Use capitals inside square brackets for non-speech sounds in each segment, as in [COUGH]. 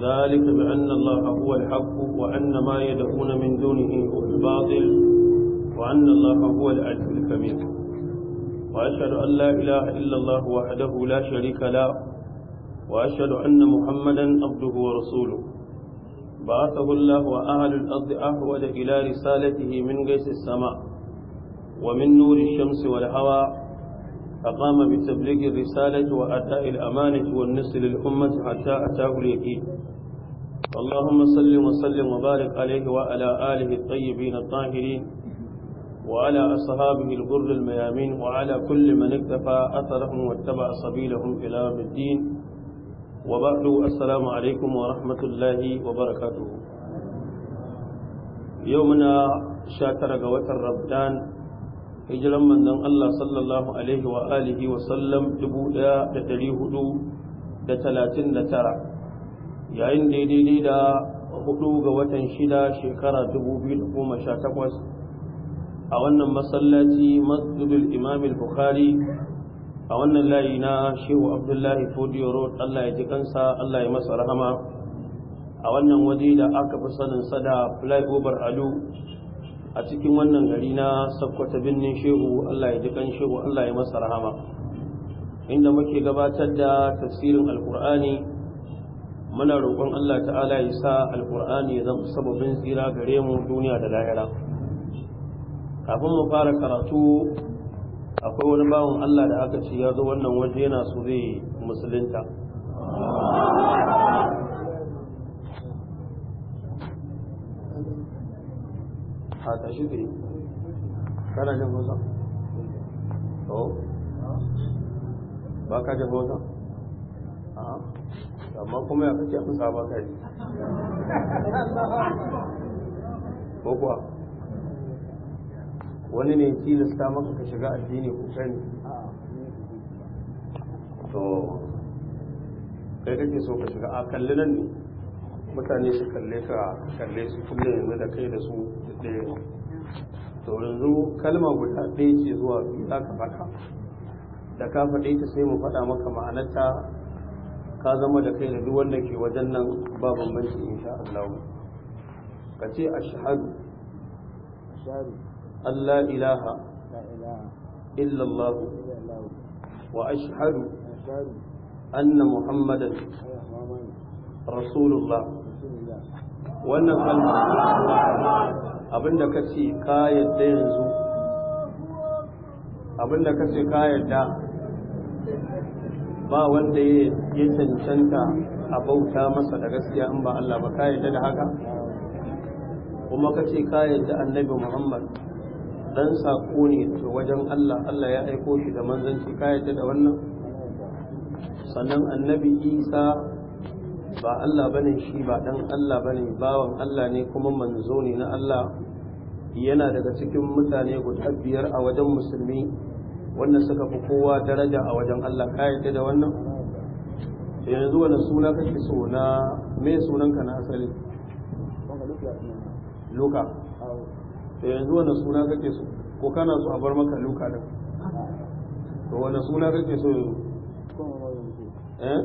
ذلك بأن الله هو الحق وأن ما يدعون من دونه هو الباطل وأن الله هو العدل الكبير وأشهد أن لا إله إلا الله وحده لا شريك له وأشهد أن محمدا عبده ورسوله بعثه الله وأهل الأرض أهود إلى رسالته من قيس السماء ومن نور الشمس والهواء فقام بتبليغ الرسالة وأداء الأمانة والنصر للأمة حتى أتاه اليقين اللهم صل وسلم وبارك عليه وعلى آله الطيبين الطاهرين وعلى أصحابه الغر الميامين وعلى كل من اكتفى أثرهم واتبع سبيلهم إلى يوم الدين وبعد السلام عليكم ورحمة الله وبركاته يومنا شاكر قوات الربدان هجرا من دن الله صلى الله عليه وآله وسلم دبودا تتريه دو دتلاتين دترع yayin da daidai da hudu ga watan shida shekara 2018 a wannan masallaci masjidul imam al-bukhari a wannan layi na shehu abdullahi fodiyo road allah ya ji kansa allah ya masa rahama a wannan waje da aka fi sanin sada flyover alu a cikin wannan gari na sakkwata birnin shehu allah ya ji kan shehu allah ya masa rahama inda muke gabatar da tafsirin alkur'ani muna roƙon Allah ta'ala ya sa alƙur'ani ya zama sababin tsira gare mu duniya da lahira kafin mu fara karatu akwai wani bawan Allah da aka ce ya zo wannan waje yana so zai musulunta oh. ba ka jin hausa? amma kuma ya kace ku saba kai ko kuwa wani ne tilasta maka ka shiga addini ku sani to kai kake so ka shiga a kalli nan ne mutane su kalle ka kalle su kullum yanzu da kai da su ɗaya to yanzu kalma guda ɗaya ce zuwa biyu za ka faɗa da ka faɗe ta sai mu faɗa maka ma'anarta ka zama da kai da duk wanda ke wajen nan ba bambanci insha Allah ka ce ashhadu ashhadu Allah ilaha illa Allah wa ashhadu anna muhammadan rasulullah wannan kalma abinda kace ka yadda yanzu abinda kace ka yadda ba wanda ya cancanta a bauta masa da gaskiya in ba Allah ba ka yadda da haka kuma ka ce ka yadda annabi Muhammad dan sako ne to wajen Allah Allah ya aiko shi da manzanci ka yadda da wannan sannan annabi Isa ba Allah bane shi ba dan Allah bane bawan Allah ne kuma manzo ne na Allah yana daga cikin mutane guda biyar a wajen musulmi wannan suka fi kowa daraja a wajen Allah ka yadda da wannan yanzu wani suna kake so na me sunanka na asali luka yanzu wani suna kake so ko kana so a bar maka luka da to wani suna kake so yanzu eh?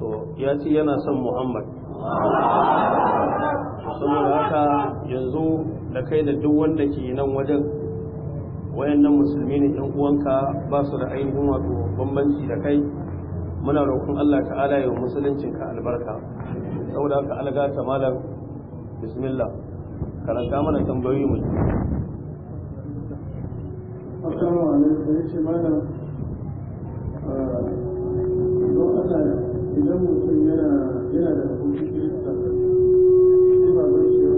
to ya ce yana son muhammad saboda haka yanzu da kai da duk wanda ke nan wajen wayannan musulmi ne ɗan uwanka ba su da ainihin wato bambanci da kai muna roƙon Allah ta'ala ya musuluncin ka albarka saboda ka alga ta malam bismillah karanta mana tambayoyi mu Assalamu alaikum yace malam mana ah, Allah idan mutum yana yana da abokin kirista sai ba shi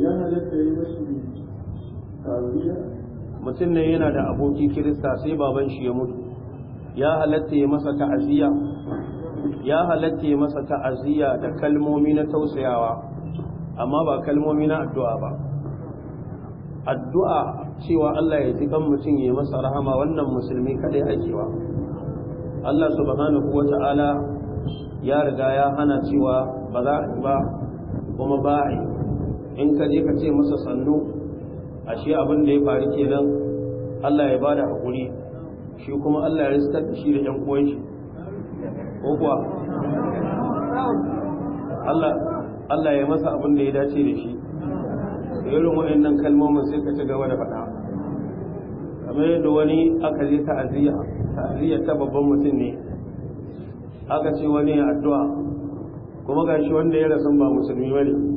ya halatta yi mashi mutum ne yana da aboki kirista sai baban shi ya mutu ya halatta ya masa ta'aziyya ya halatta ya masa ta'aziyya da kalmomi na tausayawa amma ba kalmomi na addu'a ba addu'a cewa Allah ya ji kan mutum ya masa rahama wannan musulmi kadai akewa Allah subhanahu wata'ala ya riga ya hana cewa ba za a ba kuma ba in ka je ka ce masa sannu ashe abin da ya faru kenan Allah ya bada hakuri shi kuma Allah ya riskar da shi da ƴan uwan shi ko kuwa Allah Allah ya masa abin da ya dace da shi da irin waɗannan kalmomin sai ka ci gaba da faɗa kamar yadda wani aka je ta'aziyya ta'aziyya ta babban mutum ne aka ce wani addu'a kuma gashi wanda ya rasu ba musulmi bane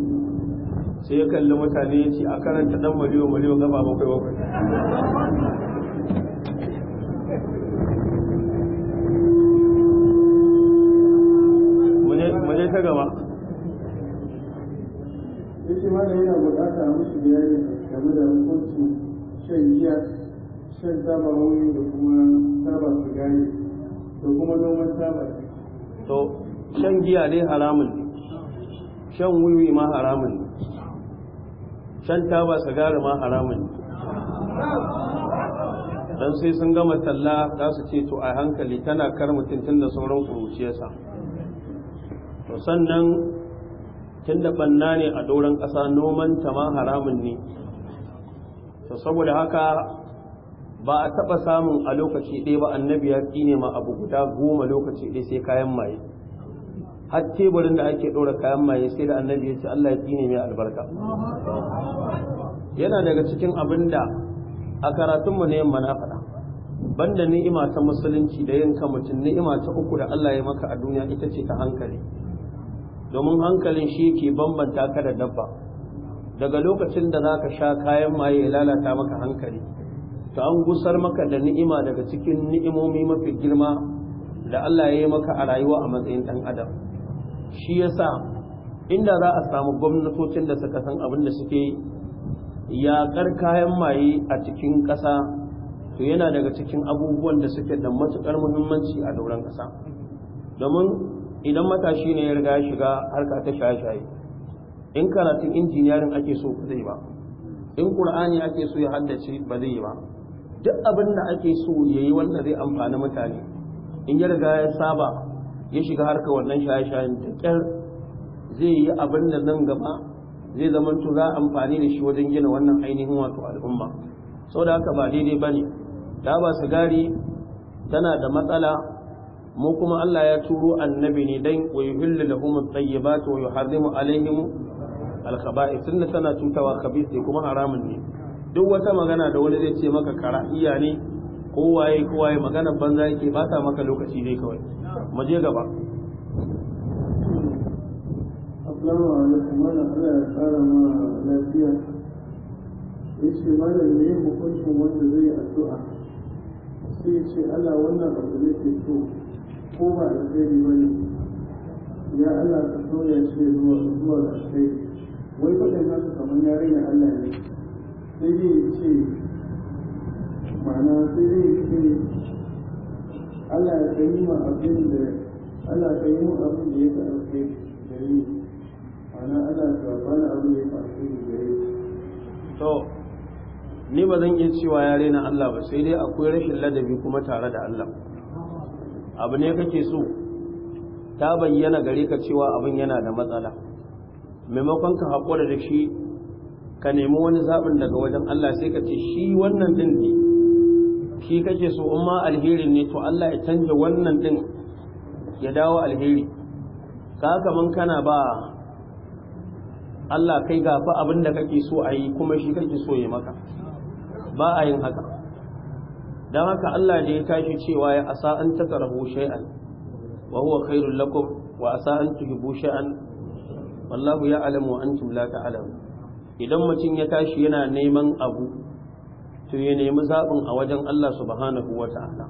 sai ya kalli mutane ya ce a karanta dan mariyo mariyo gaba bakwai bakwai muje ta gaba yake ma da yana bukata musu bayani game da hukunci shan giya shan taba wuri da kuma taba sigari da kuma noman taba to shan giya dai haramun shan wiwi ma haramun ne shan taba sigari ma haramun dan sai sun gama talla za su ce to a hankali tana kar mutum tun da sauran kuruciyarsa to sannan tun da banna ne a doron ƙasa noman ta ma haramun ne to saboda haka ba a taɓa samun a lokaci ɗaya ba annabi ya ƙi ne ma abu guda goma lokaci ɗaya sai kayan maye har teburin da ake ɗora kayan maye sai da annabi ya ce Allah ya tsine mai albarka yana daga cikin abin da a karatunmu ne yamma na faɗa banda ni'ima ta musulunci da yanka mutum ni'ima ta uku da Allah ya maka a duniya ita ce ta hankali domin hankalin shi ke bambanta ka da dabba daga lokacin da zaka sha kayan maye ya lalata maka hankali to an gusar maka da ni'ima daga cikin ni'imomi mafi girma da Allah ya yi maka a rayuwa a matsayin ɗan adam shi yasa inda za a samu gwamnatocin da suka san abin da suke yaƙar kayan maye a cikin ƙasa to yana daga cikin abubuwan da suke da matuƙar muhimmanci a dauran ƙasa domin idan matashi ne ya riga ya shiga harka ta shaye-shaye in karatun injiniyarin ake so ba zai ba in ƙur'ani ake so ya haddace ba zai ba duk abin da ake so ya yi wanda zai amfani mutane in ya riga ya saba ya shiga harka wannan shaye-shayen da kyar zai yi abin da nan gaba zai zama za amfani da shi wajen gina wannan ainihin wato al'umma sau da haka ba daidai ba ne ta ba sigari tana da matsala mu kuma Allah ya turo annabi ne don da kuma tsaye ba ta tayyibati har yuharrimu alaihim al tun da tana tutawa sai kuma haramun ne duk wata magana da wani zai ce maka iya ne kowaye kowaye magana banza yake ba ta maka lokaci dai kawai mu je gaba assalamu alaikum wannan Allah ya tsara ma lafiya yace malam ne hukuncin wanda zai addu'a sai ya ce Allah wannan abu ne ke so ko ba da alheri bane ya Allah ka sauya shi zuwa zuwa ga kai wai faɗin haka kamar ya Allah ne sai dai ya ce ma'ana sai zai ce Allah ya kai mu abin da Allah ya kai mu abin da ya ka alkai da ni ma'ana Allah ya ba ni abin da ya ka alkai da ni to ni ba zan iya cewa ya rena Allah ba sai dai akwai rashin ladabi kuma tare da Allah abu ne kake so ta bayyana gare ka cewa abin yana da matsala maimakon ka haƙura da shi ka nemi wani zaɓin daga wajen Allah sai ka ce shi wannan din ne shi kake so in ma alherin ne to Allah ya canja wannan din ya dawo alheri ka kaman kana ba Allah kai gafa abin da kake so a yi kuma shi kake so ya maka ba a yin haka don haka Allah da ya tashi cewa ya asa an takarahu shay'an wa huwa khairul lakum wa asa an tuhibu shay'an wallahu ya'lamu wa antum la ta'lamu idan mutum ya tashi yana neman abu to ya nemi zaɓin a wajen Allah subhanahu wa ta'ala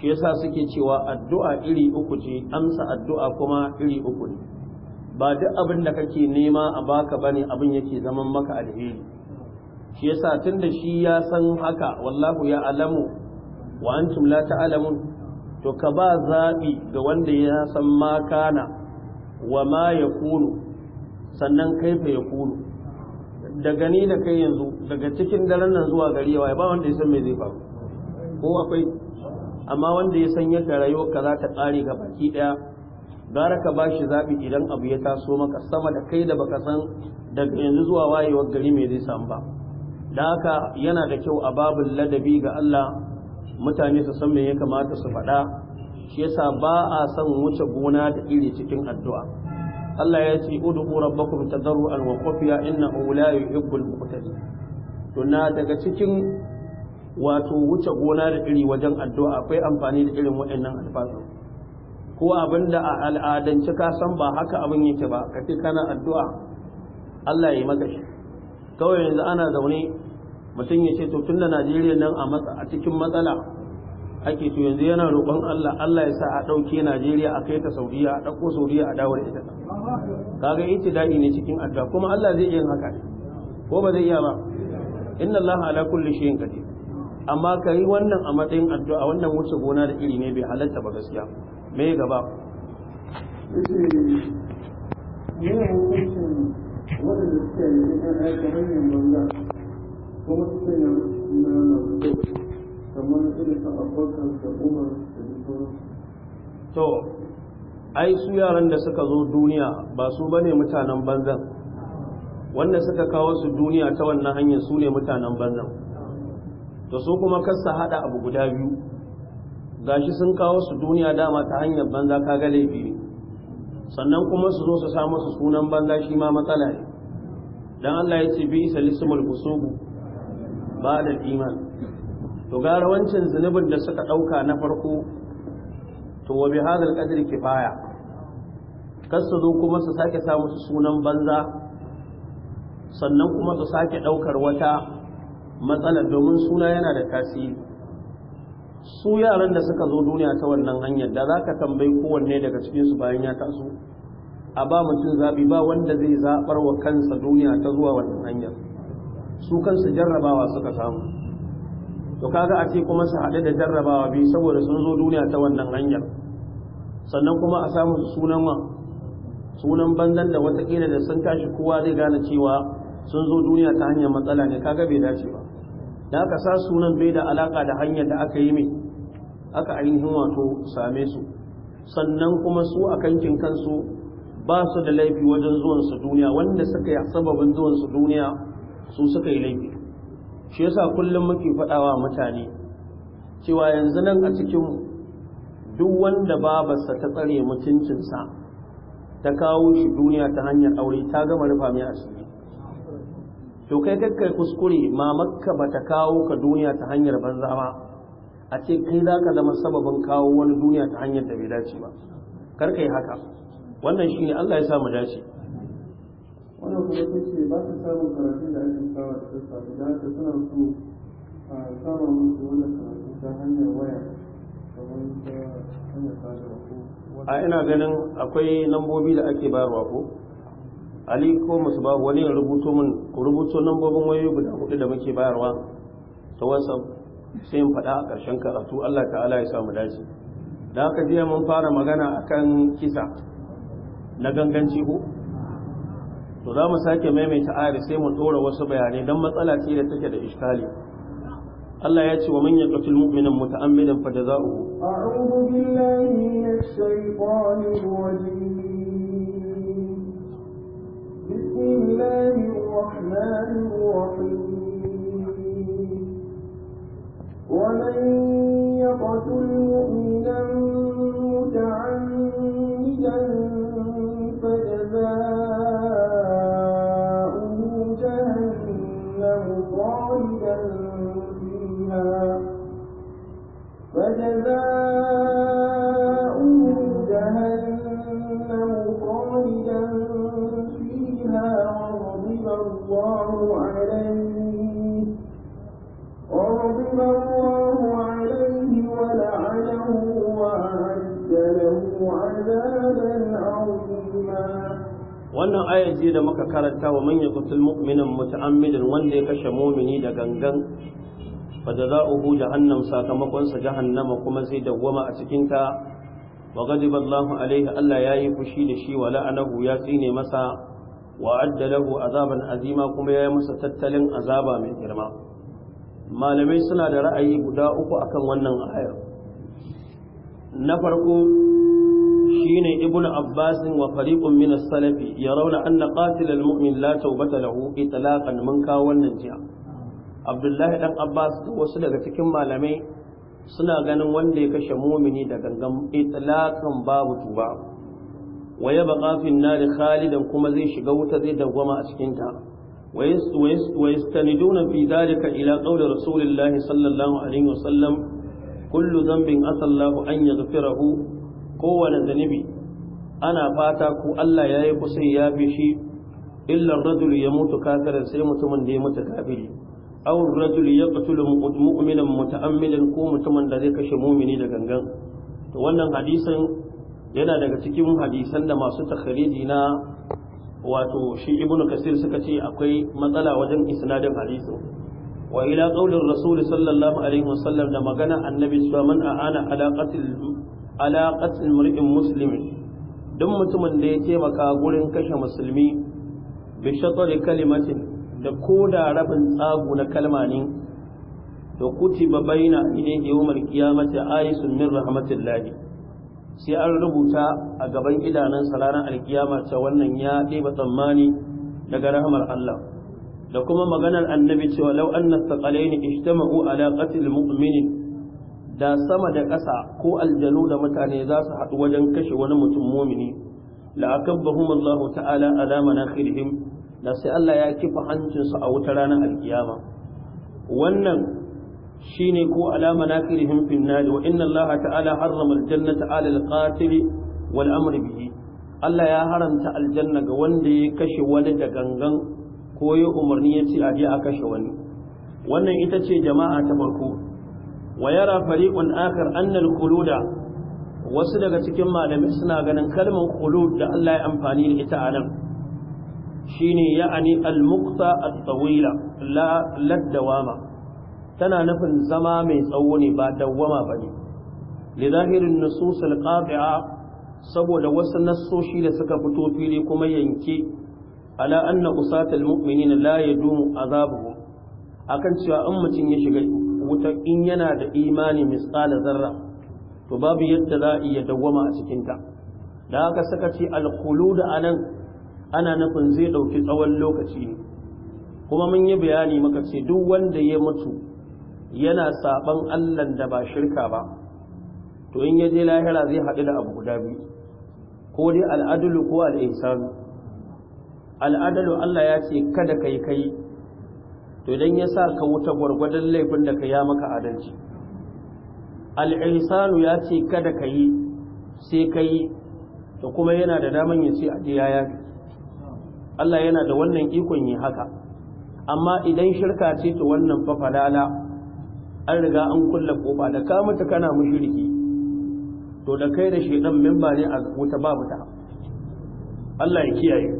shi yasa suke cewa addu'a iri uku ce amsa addu'a kuma iri uku ne ba duk abin da kake nema a baka bane abin yake zaman maka alheri shi yasa tunda shi ya san haka wallahu ya alamu wa antum la ta'lamun to ka ba zaɓi ga wanda ya san ma kana wa ma ya kulu, sannan kaifa ya kulu. Daga ni da kai yanzu daga cikin daren nan zuwa gari yawa ba wanda ya san me zai faru ko akwai amma wanda ya san yadda rayuwa za ta ƙare ga baki ɗaya gara ka ba shi zaɓi idan abu ya taso maka sama da kai da baka san daga yanzu zuwa wayewar gari me zai samu ba da haka yana da kyau a babin ladabi ga Allah mutane su san me ya kamata su faɗa shi yasa ba a son wuce gona da iri cikin addu'a Allah ya ce ud'u rabbakum tadarruan wa khufiya innahu la yuhibbul muqtadin to na daga cikin wato wuce gona da iri wajen addu'a akwai amfani da irin waɗannan alfazu ko abinda a al'adance ka san ba haka abin yake ba ka kace kana addu'a Allah ya maka shi kawai yanzu ana zaune mutum ya ce to tunda Najeriya nan a cikin matsala ake to yanzu yana roƙon Allah Allah ya sa a ɗauke Najeriya a kai ta Saudiya a ɗauko Saudiya a dawo da ita kaga ibtida'i ne cikin adda kuma Allah zai iya haka ko ba zai iya ba inna Allah ala kulli shay'in qadir amma kai wannan a matsayin addu'a wannan wuce gona da iri ne bai halatta ba gaskiya me gaba yana hukuncin waɗanda suke yi na aiki hanyar banza kuma suke na na to ai su yaran da suka zo duniya ba su bane mutanen banzan wanda suka kawo su duniya ta wannan hanyar su ne mutanen banzan to su kuma kasa hada abu guda biyu gashi sun kawo su duniya dama ta hanyar banza ka ga laifi sannan kuma su zo su samu su sunan banza shi ma matsala ne dan Allah ya ce bi isa lismul fusugu ba da iman to gara wancan zunubin da suka ɗauka na farko to wa bi hadal qadri kifaya kasu kuma su sake samu sunan banza sannan kuma su sake ɗaukar wata matsala domin suna yana da tasiri su yaran da suka zo duniya ta wannan hanyar da zaka tambayi kowanne daga cikinsu bayan ya taso a ba mutum zabi, ba wanda zai zaɓar wa kansa duniya ta zuwa wannan hanyar su kansu jarrabawa suka samu to kaga a ce kuma su haɗu da jarrabawa bi saboda sun zo duniya ta wannan hanyar sannan kuma a samu sunan wa sunan banzan da wata watakila da sun tashi kowa zai gane cewa sun zo duniya ta hanyar matsala ne kaga bai dace ba da aka sa sunan bai da alaka da hanyar da aka yi mai aka ainihin wato same su sannan kuma su a kankin kansu ba su da laifi wajen zuwansu duniya wanda suka yi sababin zuwansu duniya su suka yi laifi shi yasa kullum muke faɗawa mutane cewa yanzu nan a cikin duk wanda babarsa ta tsare mutuncinsa ta kawo shi duniya ta hanyar aure ta gama rufa mai asiri to kai kakkai kuskure mamakka ba ta kawo ka duniya ta hanyar banza ba a ce kai za ka zama sababin kawo wani duniya ta hanyar da bai dace ba kar kai haka wannan shi ne allah ya sa mu dace wannan kuma ba su samun karatu da ake sawa da sassa da haka suna so a sama musu wannan karatu ta hanyar waya kamar ta hanyar sadarwa ko a ina ganin akwai lambobi da ake bayarwa ko ali ko musu ba wani ya rubuto min ku rubuto lambobin wayoyi guda hudu da muke bayarwa ta whatsapp sai in faɗa a ƙarshen karatu allah ta'ala ya samu dace da haka jiya mun fara magana akan kisa na ganganci ko to za mu sake maimaita ayar sai mu ɗora wasu bayanai don matsala ce da take da iskali Allah ya ce wa man yaqtul mu'mina muta'ammidan fa jazaohu a'udhu billahi minash shaitanir rajim bismillahir rahmanir rahim ومن يقتل مؤمنا متعمدا wannan ayar jiya da muka karanta wa manyan muminin mu'minan wanda ya kashe mu'mini da gangan fa jazaohu jahannam sakamakonsa sa jahannama kuma zai dawwama a cikin ta wa ghadiba Allahu alaihi Allah yayi fushi da shi wa la'anahu ya tsine masa wa adda azaban azima kuma ya yi masa tattalin azaba mai girma malamai suna da ra'ayi guda uku akan wannan ayar na farko shine Ibnu abbas wa fariqun min as-salafi yarawna anna qatil al-mu'min la tawbata lahu itlaqan mun ka wannan jiya abdullahi dan abbas wasu daga cikin malamai suna ganin wanda ya kashe mumini da gangan itlaqan babu tuba wa ya baqa fi an khalidan kuma zai shiga wuta zai dawwama a cikin ta wa yastaniduna fi dhalika ila qawli rasulillah sallallahu alaihi wasallam kullu dhanbin asallahu an yaghfirahu kowane zanibi ana fata ko Allah yayi kusa ya fi shi illa ar ya mutu kafiran sai mutumin da ya mutu kafiri aw rajul yaqtulu mu'minan muta'ammidan ko mutumin da zai kashe mumini da gangan wannan hadisin yana daga cikin hadisan da masu takhriji na wato shi ibnu kasir suka ce akwai matsala wajen isnadin hadisin wa ila qaulir rasul sallallahu alaihi wasallam da magana annabi cewa man aana ala qatl ala qatl mar'in duk mutumin da ya taimaka gurin kashe musulmi bi shatari kalimatin da ko da rabin tsago na kalma ne da kutiba baina idan yawmal qiyamati aisun min rahmatillahi sai an rubuta a gaban idanunsa ranar alkiyama ta wannan ya ɗeba tsammani daga rahamar Allah da kuma maganar annabi cewa law anna thaqalaini ijtama'u ala qatl mu'minin da sama da ƙasa ko aljanu da mutane za su haɗu wajen kashe wani mutum momini la'akabba Allah ta'ala ala manakhirihim da sai Allah ya kifa hancinsu a wuta ranar alkiyama wannan shine ko alama na kirihim finnar wa inna Allah ta'ala harrama Aljanna ala alqatil wal bihi Allah ya haramta aljanna ga wanda ya kashe wani da gangan ko ya umarni ya ci a a kashe wani wannan ita ce jama'a ta farko wa yara fariqun akhar anna khuluda wasu daga cikin malamai suna ganin kalmar khulud da Allah ya amfani da ita a nan shine ya'ani al-muqta at-tawila la tana nufin zama mai tsawo ne ba dawwama bane li zahirin nusus al-qati'a saboda wasu nassoshi da suka fito fili kuma yanke ala anna usat al-mu'minina la yadumu azabuhum akan cewa in mutum ya shiga wuta in yana da imani misqala zarra to babu yadda za a iya dawwama a cikin ta da haka saka ce al-khulud anan ana nufin zai ɗauki tsawon lokaci ne kuma mun yi bayani maka ce duk wanda ya mutu yana saban allan da ba shirka ba to in ya je lahira zai haɗu da abu guda biyu ko dai al'adulu ko al'insanu al'adalu allah ya ce kada kai kai to idan ya sa ka wuta gwargwadon laifin da ka ya maka adalci al'insanu ya ce kada ka yi sai ka yi to kuma yana da daman ya ce a ya yafi Allah yana da wannan ikon yi haka amma idan shirka ce ta wannan fa falala an riga an kulla kofa da ka mutu kana mushriki to da kai da shedan memba ne a wuta babu ta Allah ya kiyaye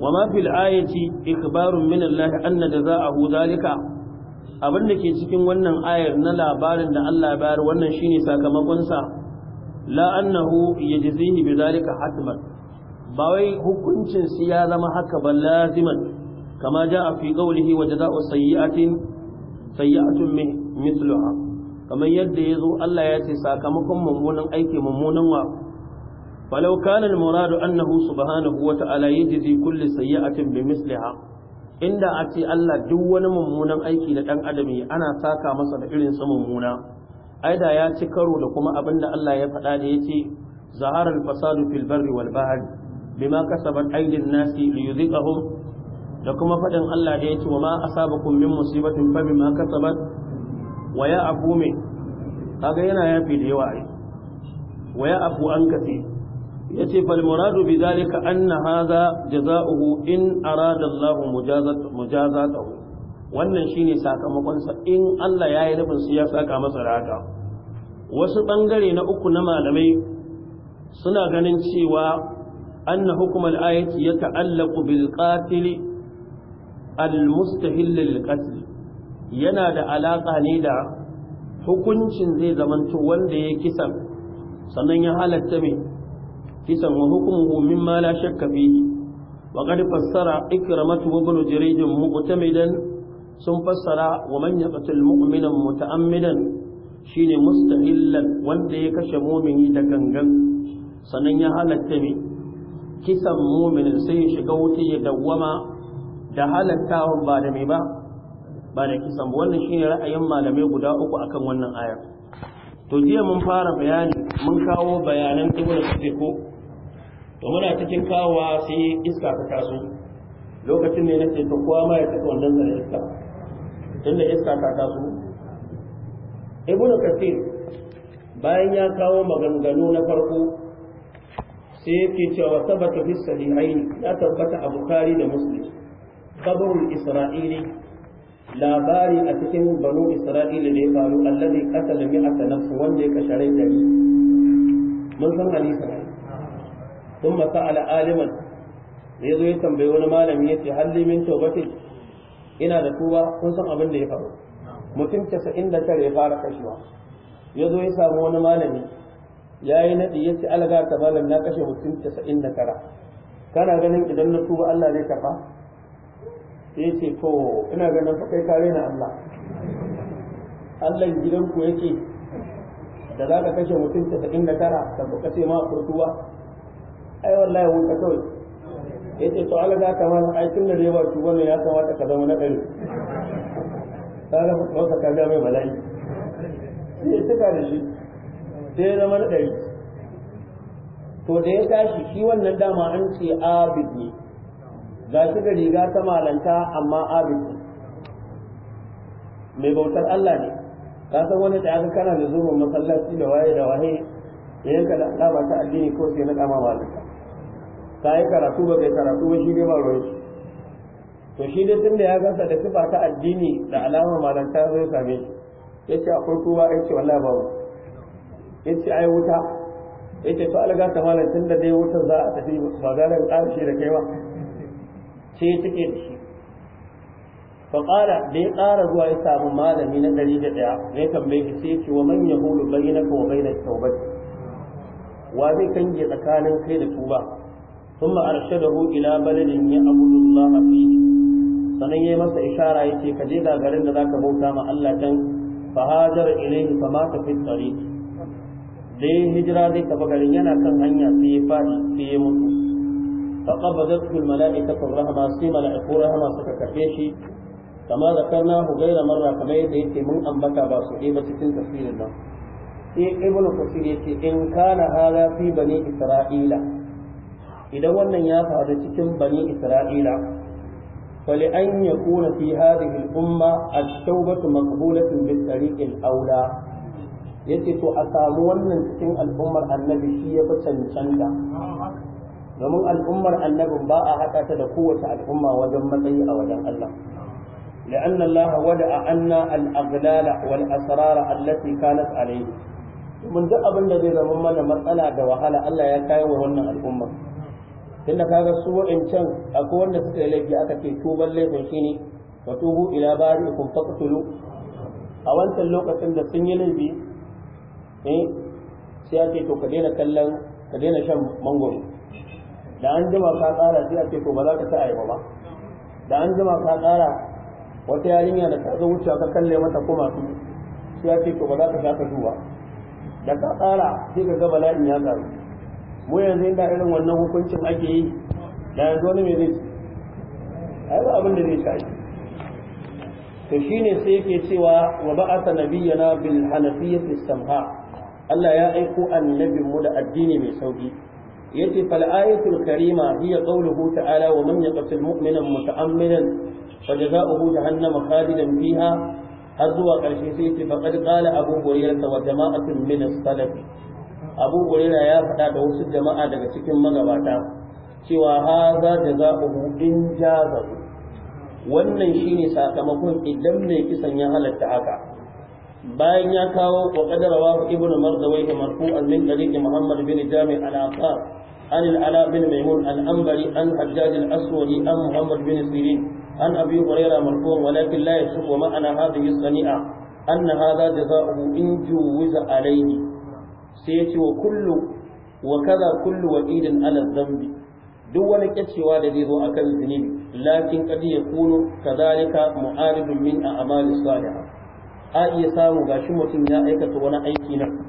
ma fil ayati إخبار min Allah anna jazaahu Zalika, abin da ke cikin wannan ayar na labarin da Allah bayar wannan shine sakamakon sa la annahu yajzihi Zalika hatman ba wai hukuncin su ya zama haka ba laziman kama ja a fi gaulihi wa jaza'u sayyi'atin sayyi'atun mithluha kamar yadda yazo Allah ya ce sakamakon mummunan aiki mummunan wa falau kana al-muradu annahu subhanahu wa ta'ala yajzi kulli sayyi'atin bimithliha inda a ce Allah duk wani mummunan aiki da dan adami ana saka masa da irin su mummuna ai da ya ci karo da kuma abinda Allah ya faɗa da yace zaharar fasadu fil barri wal bahri bima kasabat aydin nasi liyudhiqahum da kuma fadin Allah da yace wa ma asabakum min musibatin fa bima kasabat wa ya ya'fu min kaga yana yafi da yawa ai wa ya ya'fu an kafi yace fal muradu bi zalika anna hadha jazaohu in arada Allah mujazat mujazatahu wannan shine sakamakon sa in Allah ya yi nufin su ya saka masa raka wasu bangare na uku na malamai suna ganin cewa أن حكم الآية يتعلق بالقاتل المستهل للقتل ينادى ne da hukuncin zai zamanta wanda ya kisan sannan ya halatta mai kisan wa hukumuhu mimma la shakka fihi wa qad fassara ikramatu ibn jurayj muqtamidan sun fassara wa man yaqtul mu'mina muta'ammidan shine mustahillan wanda ya kashe mu'mini da gangan sannan ya halatta mai kisan muminin sai ya shiga wuta ya dawwama da halattawa ba da mai ba ba da kisan ba wannan shine ra'ayin malamai guda uku akan wannan ayar to jiya mun fara bayani mun kawo bayanan da suke ko to muna cikin kawowa sai iska ta taso lokacin ne nake ta kowa ma ya tafi wannan zan iska tunda iska ta taso ibnu kathir bayan ya kawo maganganu na farko sai yake cewa tabbata fi sahihai ya tabbata a bukari da muslim qabrul isra'ili labari a cikin banu isra'ili da ya faru allazi qatala mi'ata nafs wanda ya kashe rai dari mun san hadisi kuma sa'ala aliman da zo ya tambayi wani malami yace halli min tawbati ina da tuba kun san abin da ya faru mutum 99 ya fara kashewa zo ya samu wani malami ya yi naɗi ya ce alaga ta malam na kashe mutum casa'in da tara kana ganin idan na tuba Allah zai karɓa sai ce to ina ganin fa kai kare na Allah Allah gidan ku yake da za ka kashe mutum casa'in da tara ka buƙa ce ma furtuwa ai wallahi ka kawai ya ce to alaga ta malam ai tun da zai ba tuba ne ya kamata ka zama na ɗari ka ga ka ga mai bala'i sai ya tuka da shi sai ya zama na ɗari to da ya tashi shi wannan dama an ce abid ne ga shi da riga ta malanta amma abid ne mai bautar Allah ne ka san wani da aka kana da zuwa masallaci da waye da waye da yanka da alama ta addini ko sai na kama malanta ka yi karatu ba bai karatu ba shi ne ba ruwan shi to shi dai da ya gasa da sifa ta addini da alamar malanta zai same shi ce akwai kowa yace wallahi babu ya ce ai wuta ya ce fa'al ga ta malam tun da dai wutar za a tafi ba gane ƙarshe da kai ba ce take da shi faƙara da ya ƙara zuwa ya samu malami na ɗari da ɗaya ya tambaye shi sai ce wa man ya hulu bayyana wa na taubat wa zai kange tsakanin kai da tuba ثم أرشده إلى بلد يعبد الله fi sannan ya yi masa ishara ya ce ka je ga garin da zaka bauta ma Allah can fa hajar ilayhi fa mata fi tsari da ya hijira zai tafi garin yana kan hanya sai ya faɗi sai ya mutu fa qabadatu al mala'ikatu rahma sai mala'iku rahma suka kafe shi kama zakarna hu gaira marra kamar yadda yake mun ambata ba su ba cikin tafsirin nan sai ibn kasir yace in kana hada fi bani isra'ila idan wannan ya faru cikin bani isra'ila fali an yakuna fi hadhihi al umma at-tawbatu maqbulatun bit tariq al awla yace to a samu wannan cikin al'ummar annabi shi ya fi cancanta domin al'ummar annabin ba a haɗa ta da kowace al'umma wajen matsayi a wajen Allah لأن الله ودع عنا الأغلال والأسرار التي كانت عليه mun duk abin da zai zama mana matsala da wahala Allah ya kai wa wannan al'umma tunda kaga su wa'ancan akwai wanda suka yi laifi aka ce tuban laifin shine wa tubu ila bari'ikum a wancan lokacin da sun yi laifi eh sai ya ce to ka daina kallon ka daina shan mangoro da an jima ka tsara sai a ce to ba za ka ta ayaba ba da an jima ka tsara wata yarinya da ta zo wucewa ka kalle mata kuma su sai a ce to ba za ka sha ka ba. da ka tsara sai ka ga bala'in ya karu mu yanzu inda irin wannan hukuncin ake yi da yanzu wani mai zai ai ba abin da zai Ta to shine sai yake cewa wa ba'atha nabiyyana bil hanafiyyati samha Allah ya aiko annabin mu da addini mai sauki yace fal ayatul karima hiya qawluhu ta'ala wa man yaqtul mu'mina muta'ammidan fajza'uhu jahannama khalidan fiha har zuwa ƙarshe sai yace faqad qala abu hurairah wa jama'atun min as-salaf abu hurairah ya faɗa da wasu jama'a daga cikin magabata cewa haza jaza'uhu in jazahu wannan shine sakamakon idan mai kisan ya halatta haka bayan ya kawo wa qadara wa ibnu marfu marfu'an min tariqi muhammad bin jami' al-aqab an al-ala bin maimun al-anbari an hajjaj al-aswali an muhammad bin sirin an abi hurairah marfu'an walakin la yasub wa ma'ana hadhihi as-sani'a an hadha jazaa'uhu in juwiza alayhi sai yace wa kullu wa kaza kullu wa'idin ala dhanbi duk wani kyacewa da zai zo akan zunubi lakin qad yakunu kadhalika mu'aribun min a'malis salihah a iya samu gashi mutum ya aikata wani aiki nan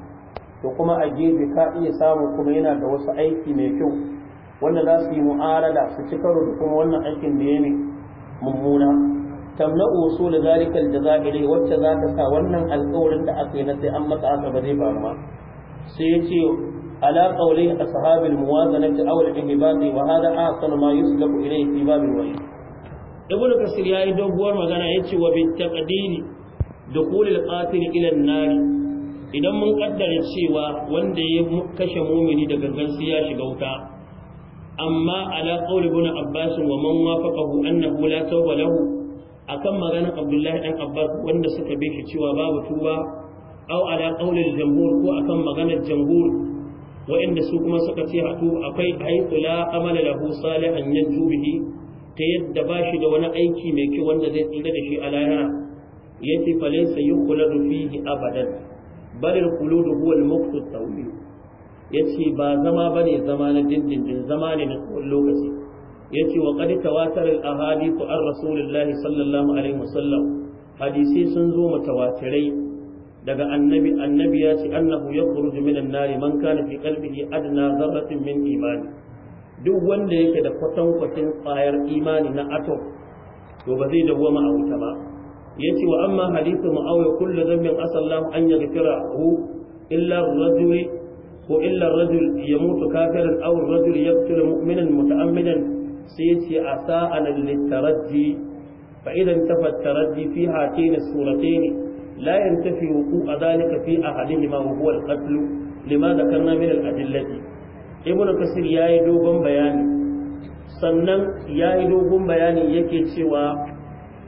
to kuma a gefe ka iya samu kuma yana da wasu aiki mai kyau wanda za su yi mu'arada su ci karo da kuma wannan aikin da ya ne mummuna tamna da zalika aljazairi wacce za ka sa wannan alƙawarin da aka yi na sai an matsa haka ba zai faru ba sai ya ce ala qawli ashabi almuwazanati aw al-ihbati wa hada ahsanu ma yuslaku ilayhi fi babil wa'id ibnu kasir yayi doguwar magana yace wa bi taqdiri dukhulul qatil ila an-nar idan mun kaddara cewa wanda ya kashe mumini daga gangan sai ya shiga wuta amma ala qawli ibn abbas wa man wafaqahu annahu la tawba lahu akan maganar abdullahi dan abbas wanda suka bi shi cewa babu tuba aw ala qawli al-jumhur ko akan maganar jumhur wa'inda su kuma suka ce hatu akwai haythu la amala lahu salihan yanju bihi ta yadda ba shi da wani aiki mai kyau wanda zai tsira da shi a lahira yace fa laysa yukhladu fihi abadan bal al-khulud huwa al-muqtu tawil yace ba zama bane zama na dindindin zama ne na tsawon lokaci yace wa qad tawatar al-ahadith an rasulillah sallallahu alaihi wasallam hadisi sun zo mutawatirai daga annabi annabi ya ce annahu yakhruju minan nari man kana fi qalbihi adna dharratin min imani duk wanda yake da kwatankwacin kwayar imani na atom to ba zai dawwama a wuta ba yace wa amma hadithu muawiya kullu dhanbin asallahu an yaghfirahu illa ar-rajul ko illa ar-rajul yamutu kafiran aw ar-rajul yaqtul mu'minan muta'ammidan sai yace asa an litaraji fa idan tafat taraji fi hatin suratayn la yantafi wuqu dhalika fi ahadihima wa huwa al-qatl lima dhakarna min al-adillati ibn kasir yayi dogon bayani sannan yayi dogon bayani yake cewa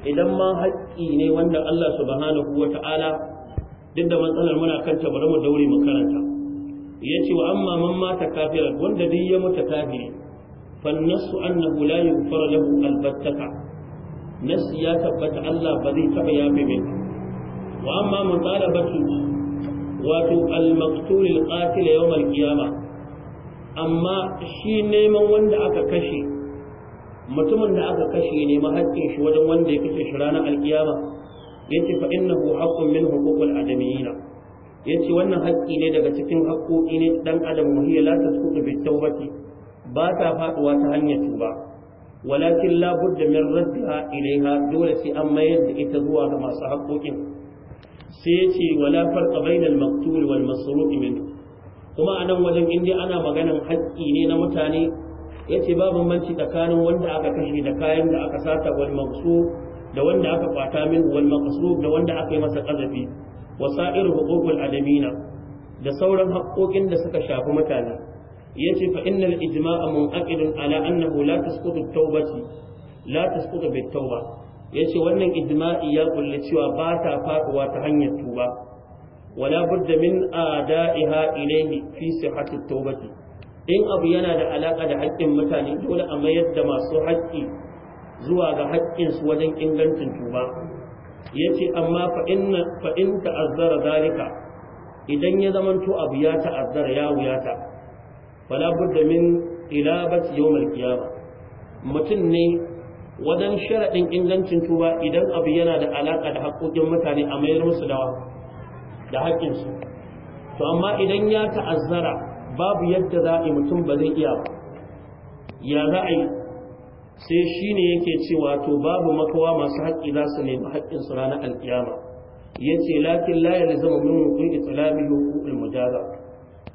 idan ma haƙƙi ne wanda Allah subhanahu wa ta'ala duk da matsalar muna kanta bari mu daure mu karanta yace wa amma man mata kafira wanda duk ya mutu kafiri fan nasu annahu la yughfar lahu albattaka nas ya tabbata Allah ba zai taba yafe mai wa amma mutalabatu wato al-maqtul al-qatil yawm al-qiyamah amma shi neman wanda aka kashe mutumin da aka kashe ne ma shi wajen wanda ya kashe shi ranar alkiyama yace fa innahu haqqun min huquqil adamiyina yace wannan haƙƙi ne daga cikin haƙƙoƙi ne dan adam wahiya la tasqutu bi tawbati ba ta faduwa ta hanyar tuba walakin la budda min raddiha ilaiha dole sai an mayar da ita zuwa ga masu haƙƙoƙin sai yace wala farqa bainal maqtul wal masruq min kuma anan wajen inda ana maganan haƙƙi ne na mutane yace babu manci tsakanin wanda aka kashe da kayan da aka sata wal maqsu da wanda aka kwata min wal maqsu da wanda aka yi masa kazafi wasa'ir huququl adamina da sauran haƙoƙin da suka shafi mutane yace fa innal ijma'a munqidun ala annahu la tasqutu at-taubati la tasqutu bit-tauba yace wannan ijma'i ya kulli cewa ba ta faduwa ta hanyar tuba wala budda min ada'iha ilayhi fi sihhati at-taubati in abu yana da alaka da haƙƙin mutane dole a mayar da masu haƙƙi zuwa ga haƙƙinsu wajen ingancin tuba ce. amma fa'in ta'azzara zalika idan ya zamanto abu ya ta'azzara ya wuyata wala budda min ilabat yawmal qiyamah mutum ne wajen sharaɗin ingancin tuba idan abu yana da alaƙa da haƙƙoƙin mutane a mayar musu da haƙƙinsu to amma idan ya ta'azzara babu yadda za a yi mutum ba zai iya ba ya za a yi sai shi ne yake cewa to babu makawa masu haƙƙi za su nemi haƙƙinsu ranar alƙiyama ya ce lakin layar zama min hukun itilami hukukul mujaza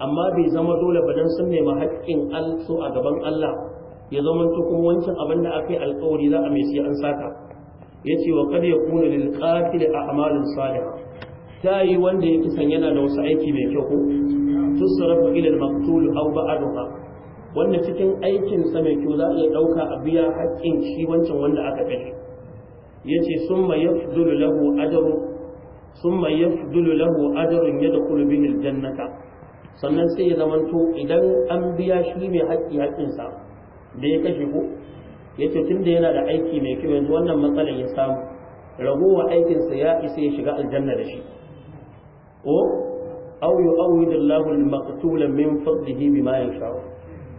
amma bai zama dole ba don sun nemi haƙƙin so a gaban allah ya zama tukun wancan abin da aka yi alƙawari za a mai sai an saka ya ce wa ya kuna lil qatili a amalin salih ta yi wanda ya kisan yana da wasu aiki mai kyau ko tusrafu ila al aw ba'daha wanda cikin aikin sa mai kyau za a iya dauka a biya haƙƙin shi wancan wanda aka kashe yace summa yafdulu lahu ajru summa yafdulu lahu ajrun yadkhulu bihi al-jannata sannan sai ya zamanto idan an biya shi mai haƙƙi haƙƙinsa da ya kashe ko yace tunda yana da aiki mai kyau yanzu wannan matsalar ya samu ragowa aikinsa ya isa ya shiga aljanna da shi ko aw yu'awwidu Allahu al-maqtula min fadlihi bima yasha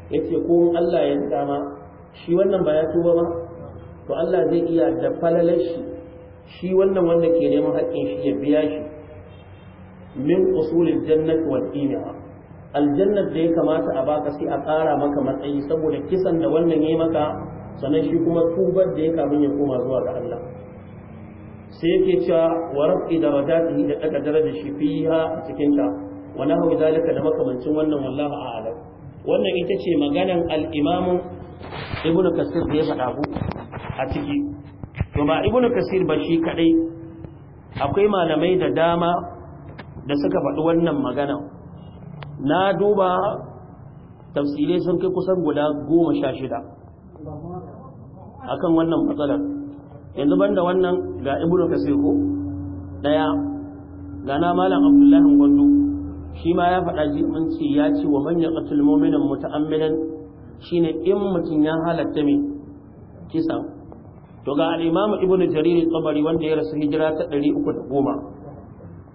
yace ko Allah ya dama shi wannan ba ya tuba ba to Allah zai iya da falalar shi shi wannan wanda ke neman haƙƙin shi ya biya shi min usulil jannati wal inaa aljannar da ya kamata a baka sai a ƙara maka matsayi saboda kisan da wannan yayi maka sannan shi kuma tubar da ya kamun ya koma zuwa ga Allah sai yake cewa wa rafi darajatihi da daga darajar shi fiha cikin ta wa nahu zalika da makamancin wannan wallahu a'lam wannan ita ce maganan al-imam ibn kasir da ya faɗa ku a ciki to ba ibn kasir ba shi kadai akwai malamai da dama da suka faɗi wannan magana na duba tafsirai sun kai kusan guda goma sha shida akan wannan matsalar yanzu banda wannan ga ibnu kasir ko daya ga na malam abdullahi gondo shi ma ya faɗa ji mun ya ce wa manya yaqtul mu'minan muta'ammidan shine in mutum ya halatta me kisa to ga al-imam ibnu jarir tabari wanda ya rasu hijira ta 310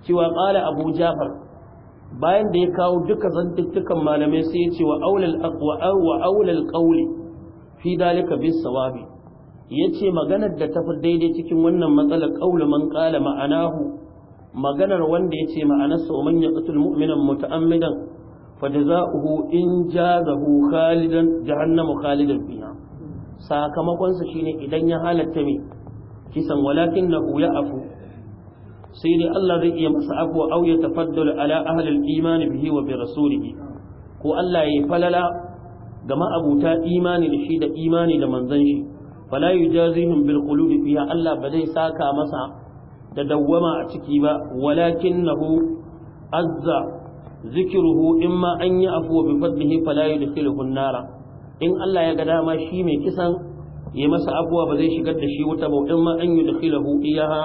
cewa qala abu jafar bayan da ya kawo duka zantuttukan malamai sai ya ce wa aulal aqwa wa aulal qawli fi dalika bis sawabi yace maganar da tafi daidai cikin wannan matsalar qaulu man qala ma'anahu maganar wanda yace ma'anarsa wa man yaqtul mu'mina muta'ammidan fajza'uhu in jazahu khalidan jahannamu khalidan fiha sakamakon sa shine idan ya halatta me kisan walakinahu ya'fu sai dai Allah zai iya masa afwa aw ya ala ahli al-iman bihi wa bi rasulihi ko Allah ya falala ga ma'abuta imani da shi da imani da manzon shi fala yujazihim bil qulubi fiya Allah ba zai saka masa da dawwama a ciki ba walakinahu azza in ma an yi afuwa bi fadlihi fala yudkhiluhu nara in Allah ya ga dama shi mai kisan ya masa afuwa ba zai shigar da shi wuta ba imma an yudkhiluhu iyaha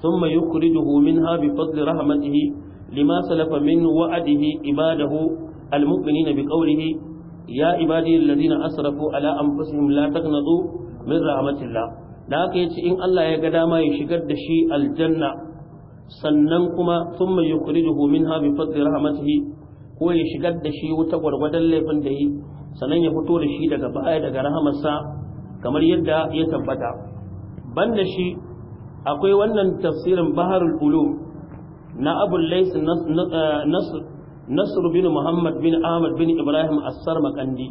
thumma yukhrijuhu minha bi fadli rahmatihi lima salafa min wa'adihi ibadahu المؤمنين بقوله يا عبادي الذين أسرفوا على أنفسهم لا تقنطوا min rahmatillah da haka yace in Allah ya ga dama ya shigar da shi aljanna sannan kuma thumma yukhrijuhu minha bi fadli rahmatihi ko ya shigar da shi wuta gwargwadon laifin da yi sannan ya fito da shi daga baya daga rahamarsa kamar yadda ya tabbata banda shi akwai wannan tafsirin baharul ulum na abul lays nasr bin muhammad bin ahmad bin ibrahim as-sarmaqandi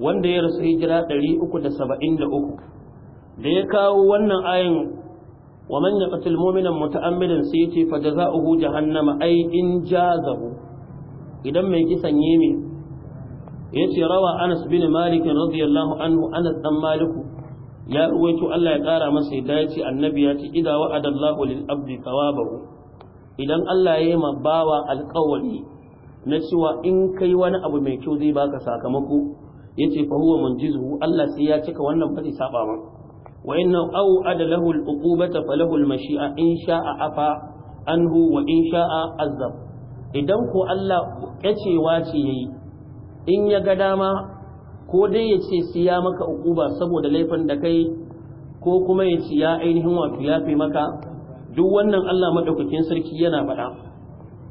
wanda ya rasu hijira 373 da ya kawo wannan ayin wa man yaqtul mu'minan muta'ammidan sai yace fa jazaohu jahannama ay in jazahu idan mai kisan yimi yace rawa Anas bin Malik radiyallahu anhu Anas dan Maliku ya ruwaito Allah ya kara masa yadda yace annabi ya ce idza wa'ada Allahu lil abdi thawabahu idan Allah ya yi ma bawa alƙawari na cewa in kai wani abu mai kyau zai baka sakamako yace fa huwa munjizuhu Allah sai ya cika wannan ba zai saba ba wa inna au adalahu al-uqubata falahu al-mashi'a in sha'a afa anhu wa in sha'a azab idan ko Allah kacewa ce yayi in ya ga dama ko dai yace ce sai ya maka uquba saboda laifin da kai ko kuma ya ya ainihin wato yafe maka duk wannan Allah madaukakin sarki yana faɗa